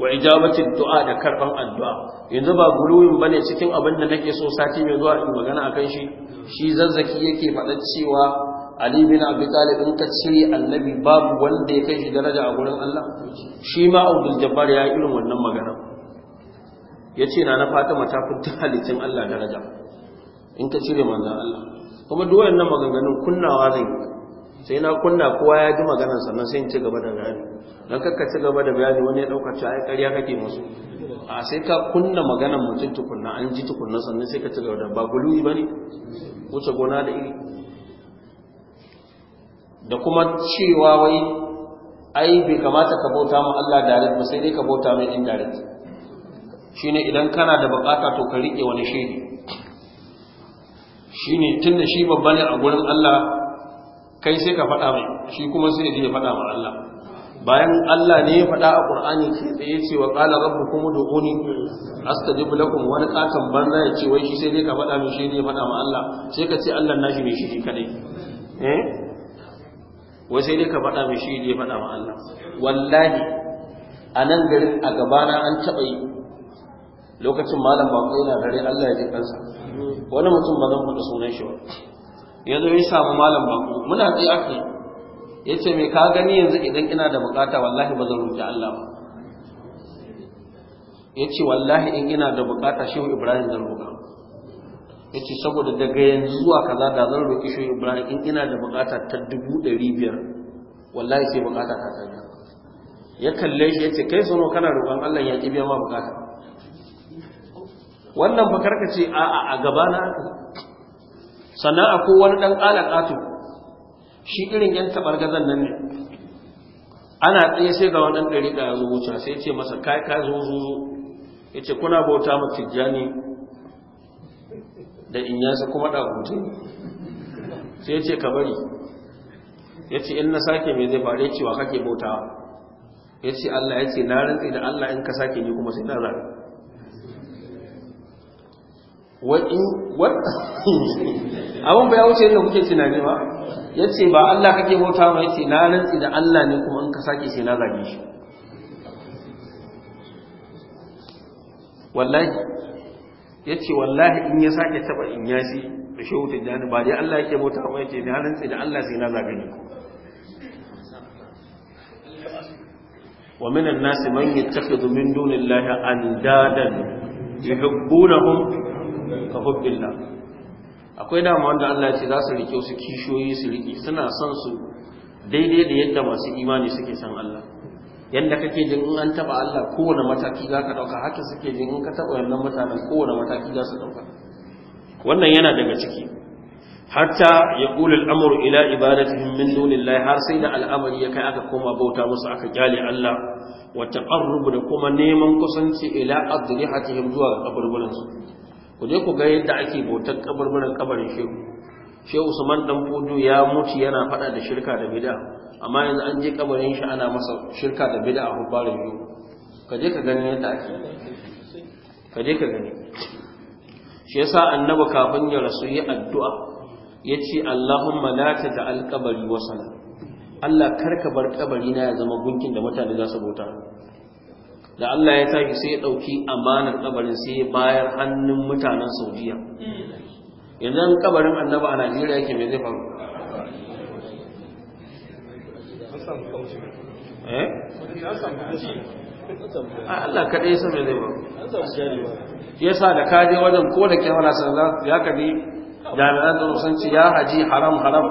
wa ijabatin du'a da karban addu'a yanzu ba guluwin ne cikin abin da nake so sati mai zuwa in magana akan shi shi zazzaki yake faɗa cewa Ali bin Abi Talib in ka annabi babu wanda ya kai shi daraja a gurin Allah shi ma Abdul Jabbar ya yi irin wannan magana yace na na fata mata fi Allah daraja in ka cire manzon Allah kuma duk na maganganun kunnawa zai sai na kunna kowa ya ji maganar sannan sai ci gaba da bayani don kakka ci gaba da bayani wani ya dauka ci ai ƙarya kake musu a sai ka kunna maganar mutum tukunna an ji tukunna sannan sai ka ci gaba da ba guluwi bane wuce gona da iri da kuma cewa wai ai bai kamata ka bauta ma Allah direct ba sai dai ka bauta mai indirect shine idan kana da bukata to ka rike wani shiri ne tun da shi babba ne a gurin Allah kai sai ka faɗa mai shi kuma sai ya faɗa ma Allah bayan Allah ne ya faɗa a Qur'ani kai tsaye ce wa qala rabbukum ud'uni astajib lakum wani ƙaton banza ya ce wai shi sai dai ka faɗa mai shi ne ya faɗa ma Allah sai ka ce Allah shi ne shi kadai eh wai sai dai ka faɗa mai shi ne ya faɗa ma Allah wallahi a nan garin a gabana an taɓa yi lokacin malam ba yana dare Allah ya ji kansa wani mutum ba zan faɗi sunan shi ba ya zo ya samu malam ba muna tsaye aka ya ce me ka gani yanzu idan ina da bukata wallahi ba zan roƙi Allah ba ya ce wallahi in ina da bukata shehu ibrahim zan roƙa ya ce saboda daga yanzu zuwa kaza da zan roƙi shehu ibrahim in ina da bukata ta dubu ɗari biyar wallahi sai bukata ta sanya ya kalle shi ya ce kai sono kana roƙon Allah ya ƙi biya ma bukata wannan fa karkace a a a gaba na aka sannan akwai wani dan alaƙatu shi irin yan gazan nan ne ana tsaye sai ga wannan ɗari ɗaya zo wuce sai ce masa kai ka zo zo ya ce kuna bauta ma tijjani da in yasa kuma ɗagutu sai ya ce ka bari ya ce in na sake mai zai faru cewa kake bauta ya ce Allah ya ce na rantsi da Allah in ka sake ni kuma sai na zara. abin ba ya wuce yadda kuke tunani ba ya ce ba Allah kake bauta ba ya ce na rantsi da Allah ne kuma in ka sake sai na zage shi wallahi ya ce wallahi in ya sake taba in yashi da shi wutar jani ba dai Allah yake bauta ba ya ce na rantsi da Allah sai na zage man ومن الناس من يتخذ من دون الله أندادا يحبونهم ka nan, akwai dama wanda Allah ya ce za su rike su kishoyi su rike suna son su daidai da yadda masu imani suke san Allah yadda kake jin in an taba Allah kowane mataki za ka ɗauka haka suke jin in ka taɓa wannan mutanen kowane mataki za su ɗauka wannan yana daga ciki hatta ya ƙuli al'amur ila ibadatihim min dunillahi har sai da al'amari ya kai aka koma bauta musu aka kyale Allah wata ƙarrubu da kuma neman kusanci ila adrihatihim zuwa kaburbulansu ku je ku ga yadda ake bautar kabarbaran kabarin shehu shehu usman dan fudu ya mutu yana fada da shirka da bid'a amma yanzu an je kabarin shi ana masa shirka da bid'a a hubbarin shehu ka je ka gani yadda ake ka je ka gani shi yasa annabi kafin ya rasu yi addu'a yace Allahumma la da qabri wasana Allah karka bar kabari na ya zama gunkin da mutane za su bauta da Allah ya tashi sai ya ɗauki amanar kabarin sai ya bayar hannun mutanen saudiya yanzu an kabarin annaba a najeriya yake mai zai faru eh? Allah kaɗai ya mai zai faru ya sa da kaje wajen ko da kyamara sannan ya kaɗi jami'an da rusanci ya haji haram haram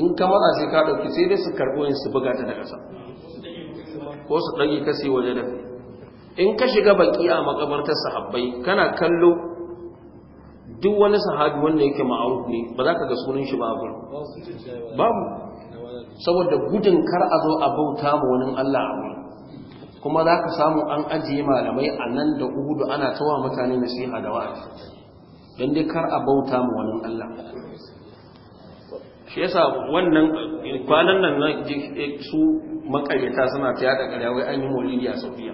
in kamara sai ka ɗauki sai dai su karɓo yin su buga ta da ƙasa ko su ɗage kasi waje da in ka shiga baki a makabartar sahabbai kana kallo duk wani sahabi wanda yake ma'aruf ne ba za ka ga sunan shi ba a babu saboda gudun kar a zo a bauta ma wani Allah a kuma za ka samu an ajiye malamai a nan da uhudu ana tawa mutane nasiha da wa'azi don dai kar a bauta ma wani Allah shi yasa wannan kwanan nan na eh, su makaryata suna ta yada karya wai an yi maulidi a saudiya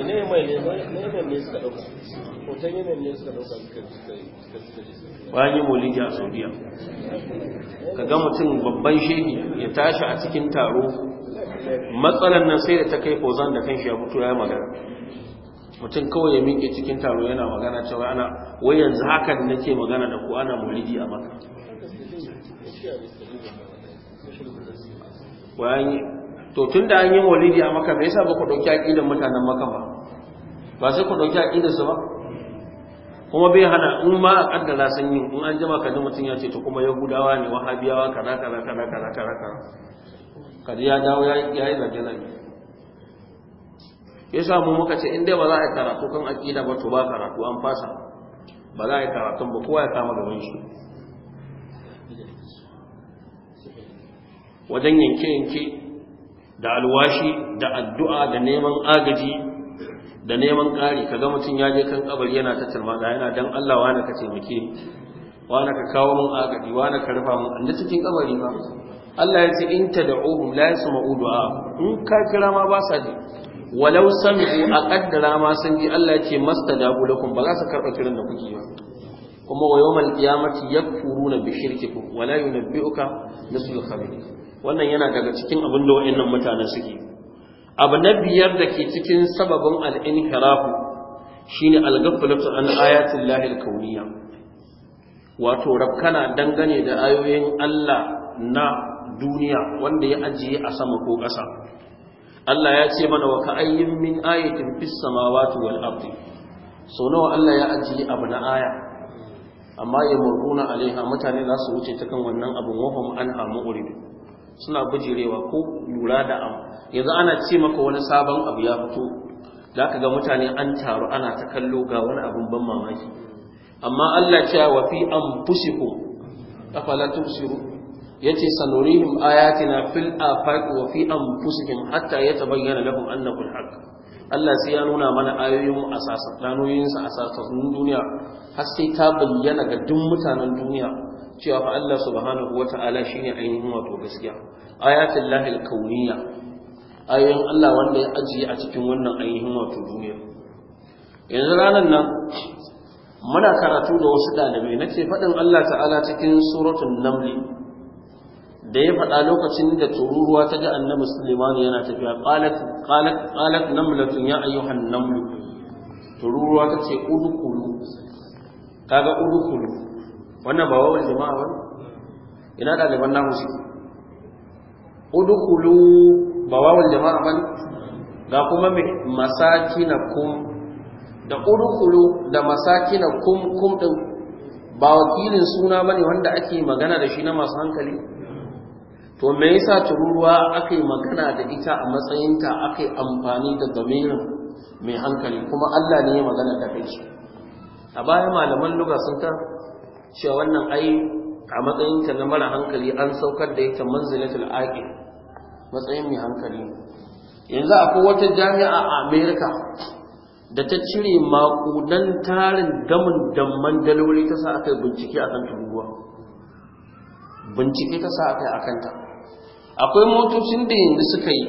ne mai ne suka dauka hoton ne suka dauka yi maulidi a saudiya ka ga mutum babban shehi ya tashi a cikin taro matsalan nan sai da ta kai kozan da kan shi ya fito ya magana mutum kawai ya miƙe cikin taro yana magana cewa ana wai yanzu hakan nake magana da ku ana maulidi a maka to tun da an yi walidi a maka me sa ba ku ɗauki aƙidar mutanen maka ba ba sai ku ɗauki aƙidar su ba kuma bai hana in ma a ƙaddara sun yi in an jama kaji mutum ya ce to kuma gudawa ne wahabiyawa kaza kaza kaza kaza kaza kaza kaji ya dawo ya yi zage zage ya sa mu muka ce in dai ba za a yi karatu kan aƙida ba to ba karatu an fasa ba za a yi karatun ba kowa ya kama gaban shi wajen yanke-yanke da alwashi da addu'a da neman agaji da neman ƙari gama mutum ya je kan ƙabar yana ta turmada yana don Allah wani ka taimake wani ka kawo mun agaji wani ka rufa mun an cikin ƙabari ba Allah ya ce in ta da'uhum la yasma'u du'a in ka kira ma ba sa ji walau sami'u a ƙaddara ma sun ji Allah ya ce masta da lakum ba za su karɓa kiran da kuke ba kuma wa yawmal qiyamati yakfuruna bi shirkikum wa la yunabbi'uka mislu khabir wannan yana daga cikin abin da wa'annan mutane suke abu na biyar da ke cikin sababin al'inkirafu shine al-ghaflatu an ayatin lahil kauniya wato rabkana dangane da ayoyin Allah na duniya wanda ya ajiye a sama ko ƙasa Allah ya ce mana wa ka'ayyin min ayatin fis samawati wal ardi so nawa Allah ya ajiye abu na aya amma ya murguna alaiha mutane za su wuce ta kan wannan abin wahum an hamu uridu suna bijirewa ko lura da abu yanzu ana ce maka wani sabon abu ya fito da ka ga mutane an taru ana ta kallo ga wani abin ban mamaki amma Allah ce wa fi anfusikum afala tusiru yace sanurihim ayatina fil afaq wa fi anfusihim hatta yatabayyana lahum annahu alhaq Allah sai ya nuna mana ayoyin mu asasa danoyin sa asasa duniya har sai ta bayyana ga duk mutanen duniya cewa fa Allah subhanahu wata'ala shine ainihin wato gaskiya ayatul lahil kauniya ayoyin Allah wanda ya ajiye a cikin wannan ainihin wato duniya yanzu ranar nan muna karatu da wasu ɗalibai nake faɗin Allah ta'ala cikin suratul namli da ya faɗa lokacin da tururuwa ta ga annabi Sulaiman yana tafiya qalat qalat qalat namlatun ya ayyuhan namlu tururuwa ta ce udkhulu kaga udkhulu wannan ba wa jama'a ba ina ɗaliban namu shi udkhulu ba wawan jama'a ban ga kuma Masaki na kum. da udkhulu da masaki na kum kum din ba wakilin suna bane wanda ake magana da shi na masu hankali to me yasa tururuwa aka yi magana da ita a matsayinta aka yi amfani da damirin mai hankali kuma Allah ne ya magana da kai shi a baya malaman luga sun ta cewa wannan ai a matsayinta na mara hankali an saukar da ita manzilatul aqil matsayin mai hankali yanzu akwai wata jami'a a america da ta cire makudan tarin gamin damman daloli ta sa aka yi bincike a kan tururuwa bincike ta sa aka yi a kanta akwai motocin da yanzu suka yi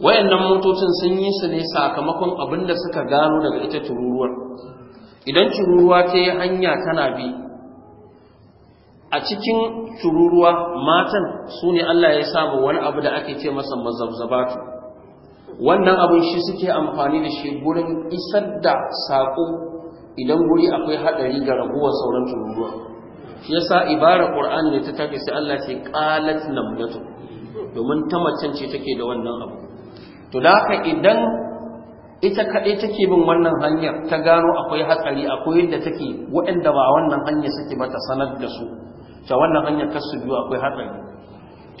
wayannan motocin sun yi su ne sakamakon abin da suka gano daga ita tururuwar idan tururuwa ta yi hanya tana bi a cikin tururuwa matan su ne Allah ya saba wani abu da ake ce masa mazabzabatu wannan abin shi suke amfani da shi gurin isar da saƙo idan guri akwai haɗari ga raguwa sauran tururuwa shi sa ibarar qur'ani ne ta take sai Allah ce na namlatu domin ta macen ce take da wannan abu to da haka idan ita kaɗai take bin wannan hanyar ta gano akwai hatsari akwai yadda take waɗanda ba wannan hanyar suke ba ta sanar da su ta wannan hanyar kasu biyu akwai hatsari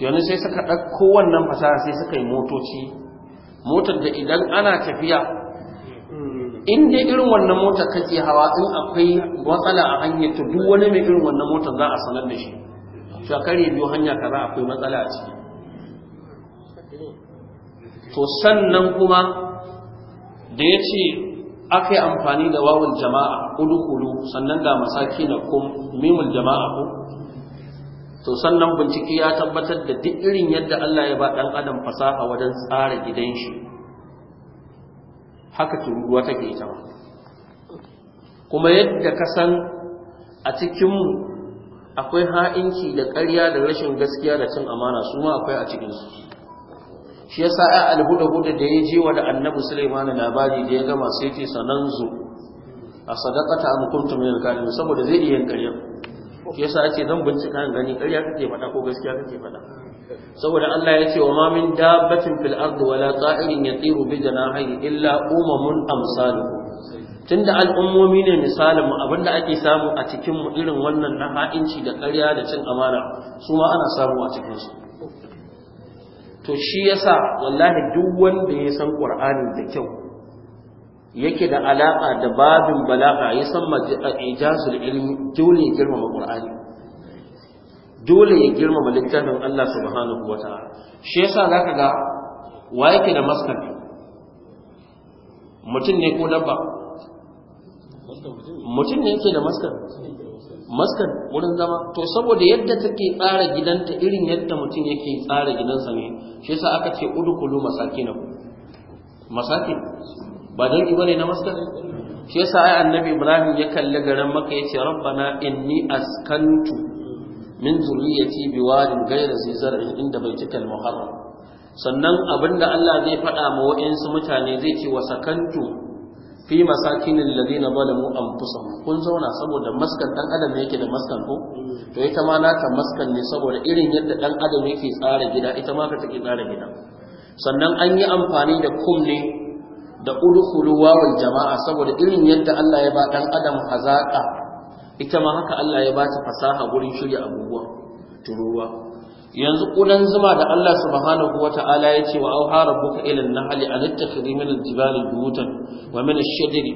to yanzu sai suka ɗauko wannan fasaha sai suka yi motoci motar da idan ana tafiya in dai irin wannan motar kake hawa in akwai matsala a hanyar to duk wani mai irin wannan motar za a sanar da shi a kare biyu hanya ka za akwai matsala a ciki to sannan kuma da ya ce aka yi amfani da wawul jama'a kudu sannan ga masaki na kum mimul jama'a ku to sannan bincike ya tabbatar da duk irin yadda Allah ya ba ɗan adam fasaha wajen tsara gidan shi haka turuwa take ita ma kuma yadda ka san a cikinmu akwai ha'inci da ƙarya da rashin gaskiya da cin amana su ma akwai a cikinsu shi ya sa ya alhuda-huda da ya je wa da annabi sulaiman labari da ya gama sai ce sanan zu a sadakata a mukuntu mai saboda zai iya yin ƙarya shi sa ake zan bincika in gani ƙarya kake faɗa ko gaskiya kake faɗa saboda Allah ya ce wa ma min dabbatin fil ardi wala ta'irin yatiru bi janahihi illa umamun amsalukum tunda al'ummomi ne misalin mu abinda ake samu a cikin mu irin wannan na ha'inci da ƙarya da cin amana su ma ana samu a cikin su to shi yasa wallahi duk wanda ya san Qur'ani da kyau yake da alaka da babin balaga ya san ijazul ilmi dole ya girmama qur'ani dole ya girmama littafin Allah subhanahu wataala shi yasa zaka ga wa yake da maskar mutum ne ko dabba mutum ne yake da maskar maskar wurin zama to saboda yadda take tsara gidanta irin yadda mutum yake tsara gidansa ne shi yasa aka ce udkhulu masakinu masakin ba dangi bane na maskar shi yasa ai annabi ibrahim ya kalli garin maka yace rabbana inni askantu min zurriyyati biwarin ghayra zai zar'in inda baitikal muharram sannan abinda Allah zai faɗa ma wa'ansu mutane zai ce wa sakantu fi masakinin ladina zalamu anfusahum kun zauna saboda maskan dan adam yake da maskan ko to ita ma naka maskan ne saboda irin yadda dan adam yake tsara gida ita ma ka take tsara gida sannan an yi amfani da kum ne da udkhulu wawan jama'a saboda irin yadda Allah ya ba dan adam hazaka ita ma haka Allah ya ba ta fasaha gurin shirya abubuwa turuwa yanzu kudan zuma da Allah subhanahu wata'ala ya ce wa auha rabbuka ila an-nahl an tattakhidhi min al-jibali buyutan wa min ash-shajari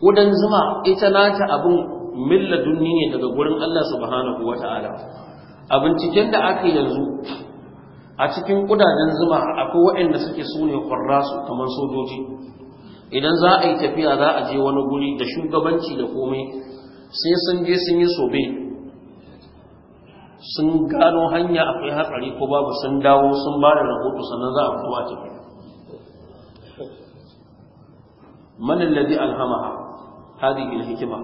kudan zuma ita nata abun milla duniya ne daga gurin Allah subhanahu wata'ala a binciken da aka yanzu a cikin kudajen zuma akwai waɗanda suke sune su kamar sojoji idan za a yi tafiya za a je wani guri da shugabanci da komai sai sun je sun yi sobe sun gano hanya akwai hatsari ko babu sun dawo sun ba da rahoto sannan za a fito a tafi man alladhi alhamaha hadhihi alhikma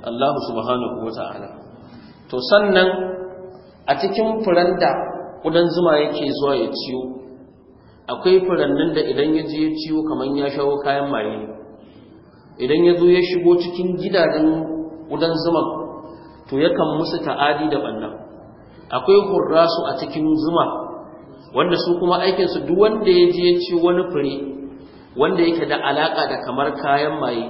Allah subhanahu wa ta'ala to sannan a cikin furanda Kudan zuma yake zuwa ya ciwo akwai furannin da idan ya je ya ciwo kamar ya shawo kayan maye idan ya zo ya shigo cikin gidajen kudan zuma to yakan musu ta'adi da ɓanna akwai hurrasu a cikin zuma wanda su kuma aikinsu duk wanda ya je ya ci wani fure wanda yake da alaƙa da kamar kayan maye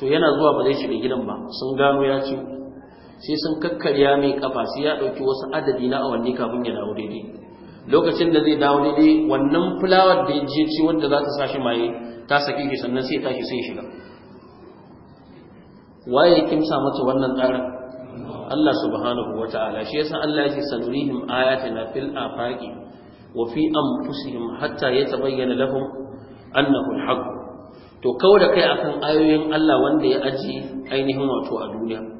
to yana zuwa ba zai shiga gidan ba sun gano ya ciwo sai sun kakkarya mai kafa sai ya ɗauki wasu adadi na awanni kafin ya dawo daidai lokacin da zai dawo daidai wannan fulawar da ya ci wanda za ta sa shi maye ta saki shi sannan sai tashi sai shiga waye kimsa mata wannan tsarin Allah subhanahu wa ta'ala shi yasa Allah yake sanurihim ayatina fil afaqi wa fi anfusihim hatta yatabayyana lahum annahu al-haqq to kawo da kai akan ayoyin Allah wanda ya aji ainihin wato a duniya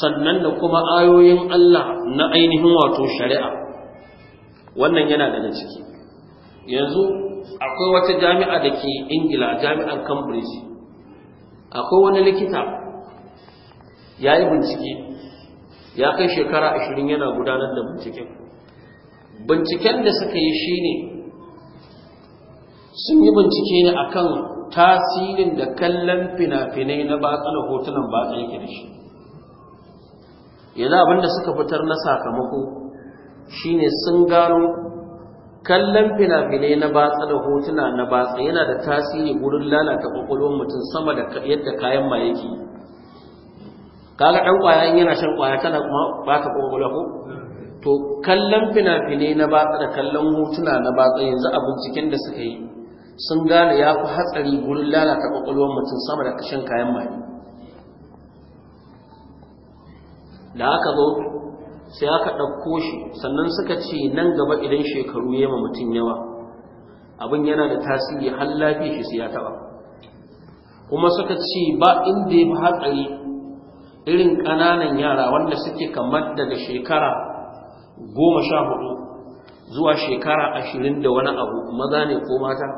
sannan da kuma ayoyin Allah na ainihin wato shari'a wannan yana daga ciki yanzu akwai wata jami'a da ke ingila jami'ar cambridge akwai wani likita ya yi bincike ya kai shekara ashirin yana gudanar da binciken binciken da suka yi shi ne sun yi bincike ne akan tasirin da kallon fina-finai na batsala hotunan batsala yake da shi yanzu abinda suka fitar na sakamako shine sun gano kallon fina-finai na batsa da hotuna na batsa yana da tasiri wurin lalata kwakwalwar mutum sama da yadda kayan ma yake kaga ɗan ƙwaya in yana shan ƙwaya tana kuma baka kwakwalwa ko to kallon fina-finai na batsa da kallon hotuna na batsa yanzu a binciken da suka yi sun gane ya fi hatsari wurin lalata kwakwalwar mutum sama da kashin kayan maye da aka zo sai aka ɗauko shi sannan suka ce nan gaba idan shekaru ya ma mutum yawa abin yana da tasiri har lafiya shi sai ya taɓa kuma suka ce ba inda ya fi hatsari irin ƙananan yara wanda suke kamar daga shekara goma sha hudu zuwa shekara ashirin da wani abu maza ne ko mata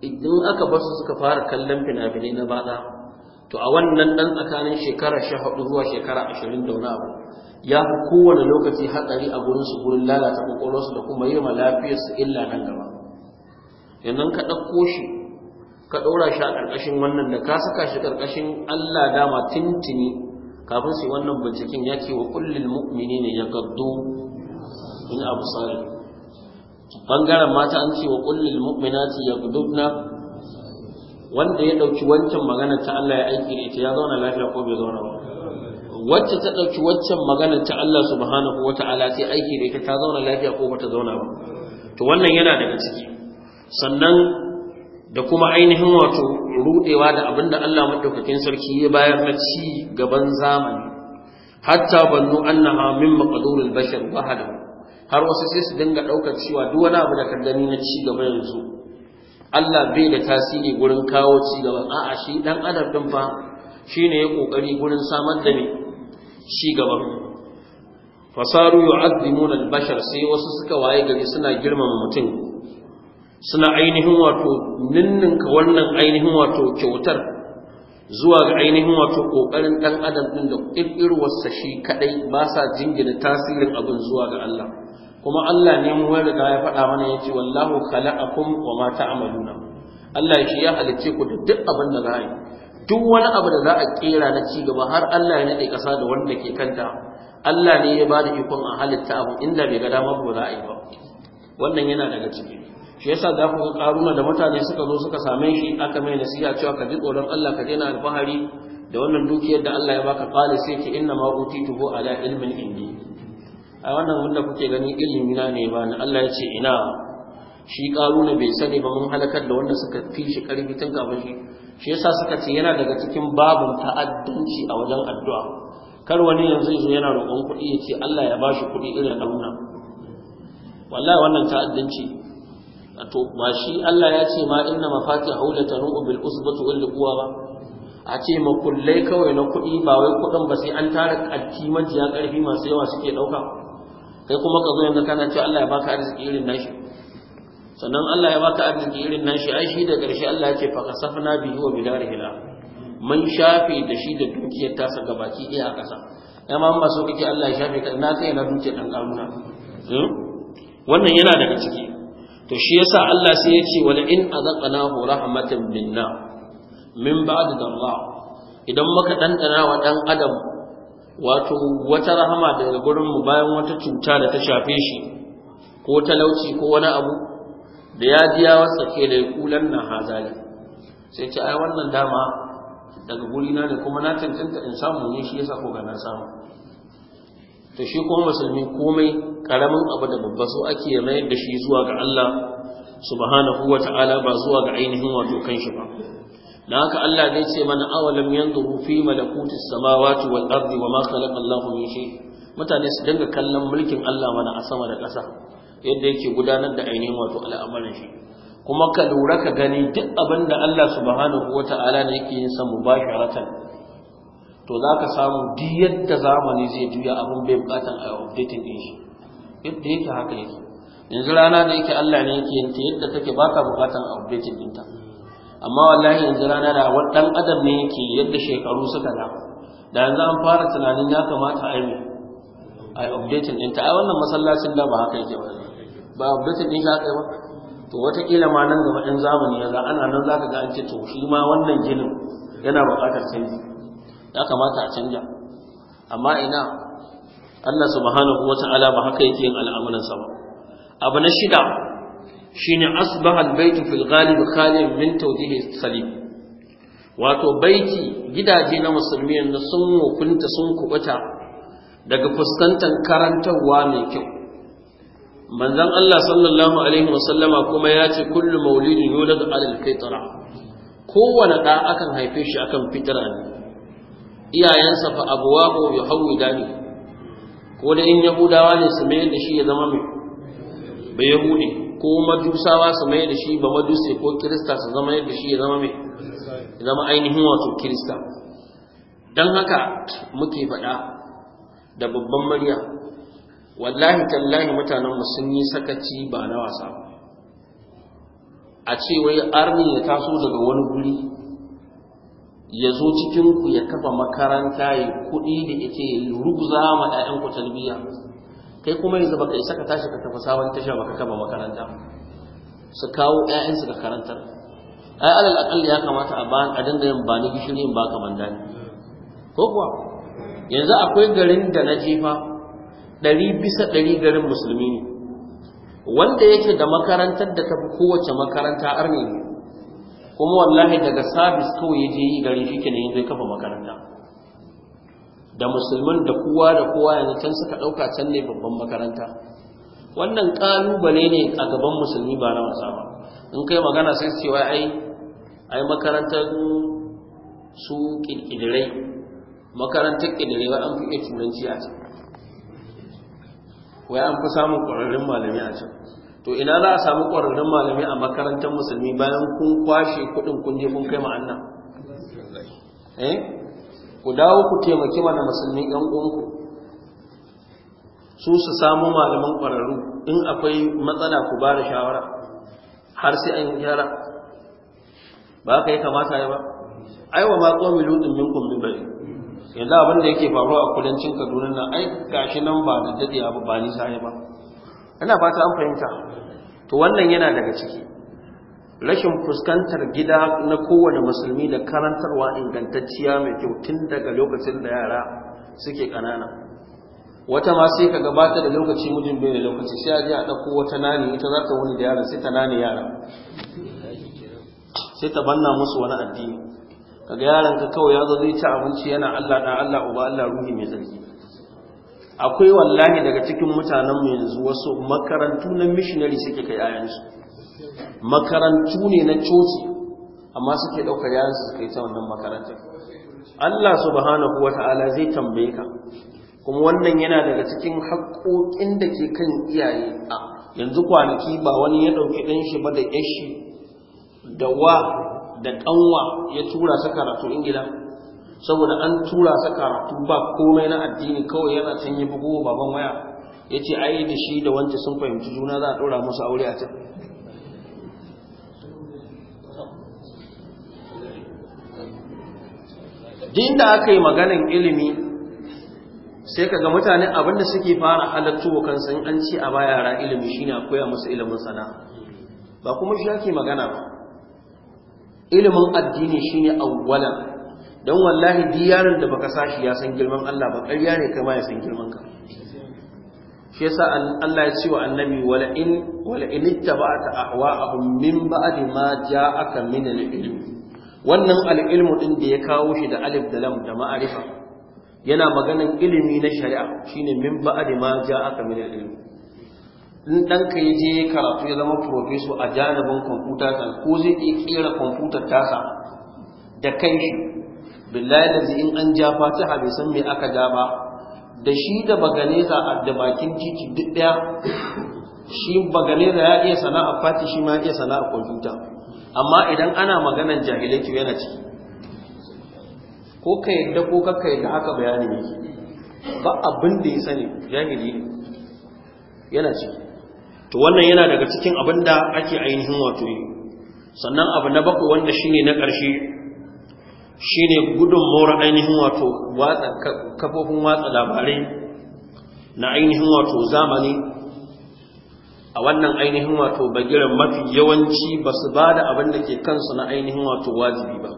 idan aka basu suka fara kallon fina-finai na batsa to a wannan dan tsakanin shekara 14 zuwa shekara 20 da wani abu ya fi kowane lokaci hatsari a gurin su gurin lalata kokolwarsu da kuma yi ma su illa nan gaba yanzu ka ɗauko shi ka ɗora shi a ƙarƙashin wannan da ka saka shi ƙarƙashin Allah dama tintini kafin su wannan binciken ya ce wa ƙullin mu'mini ne ya gaddu in abu sari bangaren mata an ce wa kullil mu'minati ya gudubna wanda ya ɗauki wancan magana ta Allah ya aiki da ita ya zauna lafiya ko bai zauna ba wacce ta ɗauki waccan magana ta Allah subhanahu wa ta'ala sai aiki da ita ta zauna lafiya ko bata zauna ba to wannan yana daga ciki sannan da kuma ainihin wato ruɗewa da abin da Allah madaukakin sarki ya bayar na ci gaban zamani hatta bannu annaha min maqdurul bashar wahada har wasu sai su dinga daukar cewa duk wani abu da ka gani na ci gaba yanzu Allah bai da tasiri gurin kawo ci gaba a'a shi dan adam din fa shine ya kokari gurin samar da ne ci gaba fasaru yu'azzimuna al-bashar sai wasu suka waye gari suna girmama mutum suna ainihin wato ninninka wannan ainihin wato kyautar zuwa ga ainihin wato kokarin dan adam din da kirkirwarsa shi kadai ba sa jingina tasirin abin zuwa ga Allah kuma Allah ne mu wani ya faɗa mana ya ce wallahu khalaqakum wa ma ta'maluna Allah shi ya halicce ku da duk abin da za yi duk wani abu da za a kera na ci gaba har Allah ya nade kasa da wanda ke kanta Allah ne ya ba da ikon a halitta abu inda bai ga dama ba za a yi ba wannan yana daga ciki shi yasa da ku karuna da mutane suka zo suka same shi aka mai nasiha cewa ka ji tsoron Allah ka daina alfahari da wannan dukiyar da Allah ya baka qala sai ki inna ma utituhu ala ilmin indi a wannan wanda kuke gani ilimi na ne ba na Allah ya ce ina shi ne bai sani ba mun halakar da wanda suka fi shi karfi tun kafin shi shi yasa suka ce yana daga cikin babin ta'addanci a wajen addu'a kar wani yanzu yazo yana roƙon kuɗi ya ce Allah ya bashi kuɗi irin ɗauna wallahi wannan ta'addanci to ba shi Allah ya ce ma inna mafatihu latanu bil usbatu wal quwa ba a ce makullai kawai na kuɗi ba wai kuɗin ba sai an tara ƙarfi majiya ƙarfi masu yawa suke ɗauka kai kuma ka zo yanzu kana cewa Allah ya baka arziki irin nashi sannan Allah ya baka arziki irin nashi ai shi da ƙarshe Allah ya ce fa kasafna bihi wa bidarihi la man shafe da shi da dukiyar tasa gabaki ɗaya a ƙasa ya ma ba so kake Allah ya shafe ka na kai na dukiyar dan karuna hmm? wannan yana daga ciki to shi yasa Allah sai ya ce wala in azaqnahu rahmatan minna min ba'd darra idan muka dandana wa dan adam wato wata rahama da gurin mu bayan wata cuta da ta shafe shi ko talauci ko wani abu da ya ji wasa ke da kulan na hazali sai ce ai wannan dama daga gurina ne kuma na cancanta in samu ne shi yasa ko ga na samu to shi kuma musulmi komai karamin abu da babba so ake mayar da shi zuwa ga Allah subhanahu wata'ala ba zuwa ga ainihin wato kanshi ba Na haka Allah zai ce mana awalam yanzuru fi malakutis samawati wal ardi wa ma khalaqa Allah min shay mutane su dinga kallon mulkin Allah mana a sama da ƙasa yadda yake gudanar da ainihin wato al'amarin shi kuma ka lura ka gani duk abin da Allah subhanahu wata'ala ne yake yin sa mubasharatan to zaka samu duk yadda zamani zai juya abin bai bukatan a updating din shi yadda yake haka yake yanzu rana da yake Allah ne yake yin ta yadda take baka bukatan updating din ta amma wallahi yanzu rana da wani dan adam ne yake yadda shekaru suka da. da yanzu an fara tunanin ya kamata a yi a updating ɗinta a wannan masallacin da ba haka yake ba ba updating ɗin haka ba to wataƙila ma nan gaba ɗin zamani ya za ana nan za ka ga an ce to shi ma wannan ginin yana buƙatar canji ya kamata a canja amma ina Allah subhanahu wa ta'ala ba haka yake yin al'amuransa ba abu na shida shine asbahal albaytu fil ghalib khaliyan min tawdihi salim wato baiti gidaje na musulmi yanzu sun wofinta sun kubuta daga fuskantar karantarwa mai kyau manzon Allah sallallahu alaihi kuma ya ce kullu maulidin yulad alal fitra kowane da akan haife shi akan fitra ne iyayensa fa abwabu yahudani ko da in yahudawa ne su mai da shi ya zama mai bai yahudi ko majusawa su mai da shi ba majuse ko kirista su zama yadda shi ya zama mai zama ainihin wato kirista don haka muke faɗa da babban murya wallahi tallahi mutanen sun yi sakaci ba na wasa a ce wai arni ya taso daga wani guri ya zo cikinku ya kafa makaranta ya kuɗi da ya yake ruguza ma 'ya'yanku talbiya kai kuma yanzu baka isa ka tashi ka tafi sabon tasha baka kafa makaranta su kawo ƴaƴansu ga karantar ai alal aqal ya kamata a ba a dinga yin bani, gishiri in baka manda ne ko kuwa yanzu akwai garin da na jefa ɗari bisa ɗari garin musulmi ne wanda yake da makarantar da tafi kowace makaranta arne ne kuma wallahi daga sabis kawai ya je yi garin shi kenan yanzu ya kafa makaranta da musulman da kowa da kowa yanzu can suka ɗauka can ne babban makaranta wannan ƙalubale ne a gaban musulmi ba na wasa ba in kai magana sai cewa ai ai makarantar su ƙirƙirai makarantar ƙirƙirai ba an fi iya turanci a can wai an fi samun ƙwararrun malami a can to ina za a samu ƙwararrun malami a makarantar musulmi bayan kun kwashe kuɗin kun je kun kai ma'annan eh ku dawo ku taimaki mana musulmi yan uwanku su su samu malaman ƙwararru in akwai matsala ku ba da shawara har sai an yi gyara ba ka yi kamata ya ba aiwa ma tsomi lutsin min bari yanzu abin da yake faruwa a kudancin kaduna na ai gashi nan ba da dade abu ba nisa ya ba ina fata an fahimta to wannan yana daga ciki rashin fuskantar gida na kowane musulmi da karantarwa ingantacciya mai kyau tun daga lokacin da yara suke ƙanana wata ma sai ka gabata da lokaci mijin bai da lokaci sai a je a ɗauko wata nani ita za ta wuni da yara sai ta nani yara sai ta banna musu wani addini kaga yaron ka kawai ya zo zai ci abinci yana Allah da Allah uba Allah ruhi mai zargi. akwai wallahi daga cikin mutanen mu yanzu wasu makarantu na missionary suke kai ayansu makarantu ne na coci amma suke ɗaukar yaran su kai ta wannan makarantar Allah subhanahu wata'ala zai tambaye ka kuma wannan yana daga cikin haƙoƙin da ke kan iyaye a yanzu kwanaki ba wani ya ɗauki ɗan shi ba da yashi da wa da ƙanwa ya tura sa karatu ingila saboda an tura sa karatu ba komai na addini kawai yana can yi bugu baban waya ya ce ai da shi da wancan sun fahimci juna za a ɗora musu aure a can din da aka yi maganin ilimi sai kaga mutane abinda suke fara halattu wa kansu in an ce a ba yara ilimi shine a koya musu ilimin sana'a ba kuma shi ake magana ba ilimin addini shine awwalan don wallahi di yaron da baka sashi ya san girman Allah ba ƙarya ne kai ya san girman ka shi yasa Allah ya ce wa annabi wala in wala in ittaba'ta ahwa'ahum min ba'di ma ja'aka min al-ilm wannan al'ilmu ɗin da ya kawo shi da alif da lam da ma'arifa yana maganin ilimi na shari'a shine min ba'ad ma aka min in ka ya je karatu ya zama profeso a janibin kwamfuta ta ko zai iya kera kwamfutar tasa da kanshi billahi da in an ja fatiha bai san me aka ja ba da shi da baganeza a da bakin titi duk ɗaya shi baganeza ya iya sana'a fati shi ma ya iya sana'a kwamfuta amma idan ana maganar jahilai to yana ciki ko ka yadda ko kakka yadda haka bayani yake ba abin da ya sani jahili yana ciki to wannan yana daga cikin abin da ake ainihin wato yi sannan abu na bakwai wanda shine na ƙarshe shine gudunmawar ainihin wato kafofin watsa labarai na ainihin wato zamani a wannan ainihin wato bagiran mafi yawanci ba su ba da abin da ke kansu na ainihin wato wajibi ba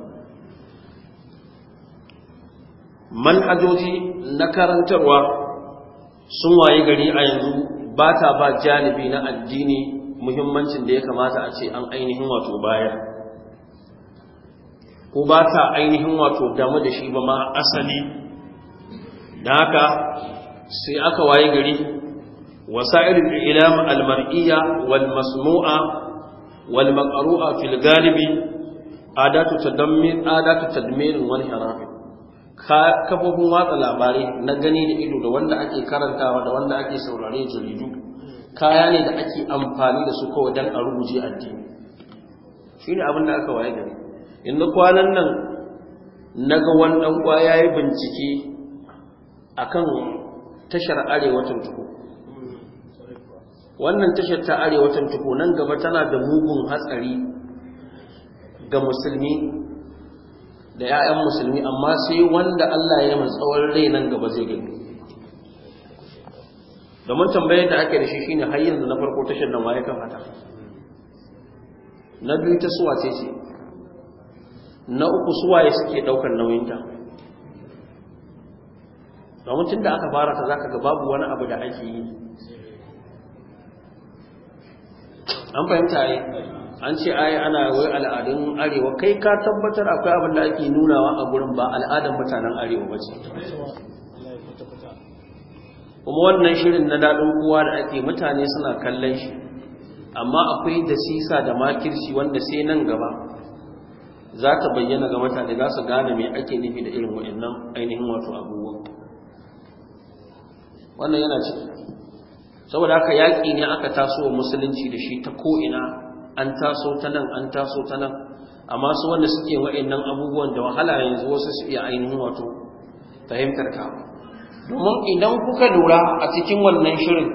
manhajoji na karantarwa sun waye gari a yanzu ba ta ba janibi na addini muhimmancin da ya kamata a ce an ainihin wato baya ko ba ta ainihin wato damu da shi ba ma asali da haka sai aka waye gari وسائر الإعلام المرئية والمسموعة والمقروءة في الغالب آدات تدمير آدات تدمير وانحراف kafofin watsa labarai na gani da ido da wanda ake karantawa da wanda ake saurare jaridu kaya ne da ake amfani da su kawai don a rubuce addini shi ne abin da aka waye gari inda kwanan nan na ga wani kwa ya yi bincike akan tashar arewa tuntuku wannan tashar ta arewacin ta tuko nan gaba tana da mugun hatsari ga musulmi da 'ya'yan musulmi amma sai wanda Allah ya matsawar rai nan gaba zai gani domin tambayar da ake da shi shine har yanzu na farko tashar nan waye kan hata na biyu ta suwa ce ce na uku suwaye suke daukar nauyinta domin tun da aka fara ta zaka ga babu wani abu da ake yi an fahimta ai an ce ai ana wai al'adun arewa kai ka tabbatar akwai abin da ake nunawa a gurin ba al'adan mutanen arewa ba ce kuma wannan shirin na daɗin kowa da ake mutane suna kallon shi amma akwai da sisa da makirci wanda sai nan gaba za ta bayyana ga mutane za su gane mai ake nufi da irin wa'annan ainihin wato abubuwan wannan yana ciki saboda haka yaƙi ne aka taso wa musulunci da shi ta ko'ina an taso ta nan an taso ta nan amma su wanda suke wa'annan abubuwan da wahala yanzu wasu su iya ainihin wato fahimtar ka domin idan kuka lura a cikin wannan shirin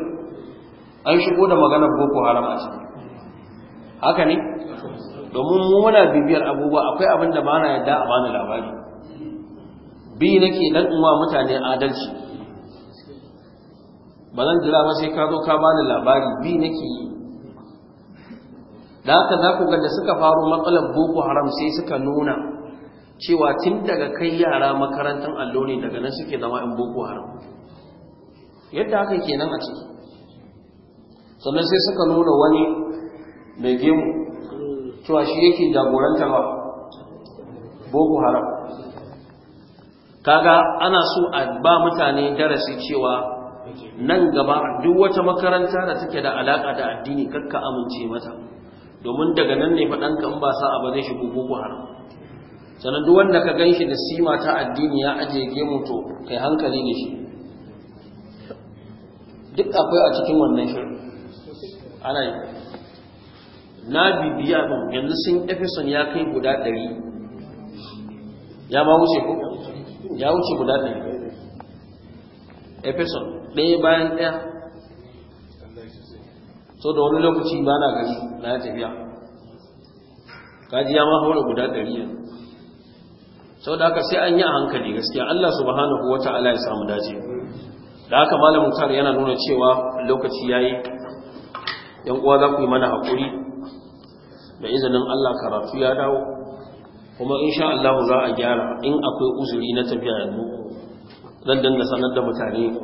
an shigo da maganar boko haram a ciki haka ne domin mu muna bibiyar abubuwa akwai abin da ba na yadda a bani labari bi nake dan uwa mutane adalci ba zan jira ba sai ka zo ka bani labari bi nake yi da haka za ku ga da suka faro matsalar boko haram sai suka nuna cewa tun daga kai yara makarantar allo ne daga nan suke zama in boko haram yadda haka kenan a ciki sannan sai suka nuna wani mai gemu cewa shi yake jagorantar ba boko haram kaga ana so a ba mutane darasi cewa nan gaba duk wata makaranta da take da alaka da addini kakka amince mata domin daga nan ne faɗan kan ba sa ba zai shigo boko haram sannan duk wanda ka ganshi da sima ta addini ya ajiye gemu to kai hankali da shi duk akwai a cikin wannan shirin ana yi na bibiya ban yanzu sun efeson ya kai guda ɗari ya ma wuce ko ya wuce guda ɗari efeson ɗaya bayan ɗaya so da wani lokaci ba na gari na ya tafiya kaji ya ma guda ɗari yanzu sau da aka sai an yi a hankali gaskiya Allah subhanahu wa ta'ala ya samu dace da haka malamin tar yana nuna cewa lokaci yayi yan uwa za ku yi mana haƙuri? da izinin Allah karatu ya dawo kuma insha Allah za a gyara in akwai uzuri na tafiya yanzu zan dinga sanar da mutane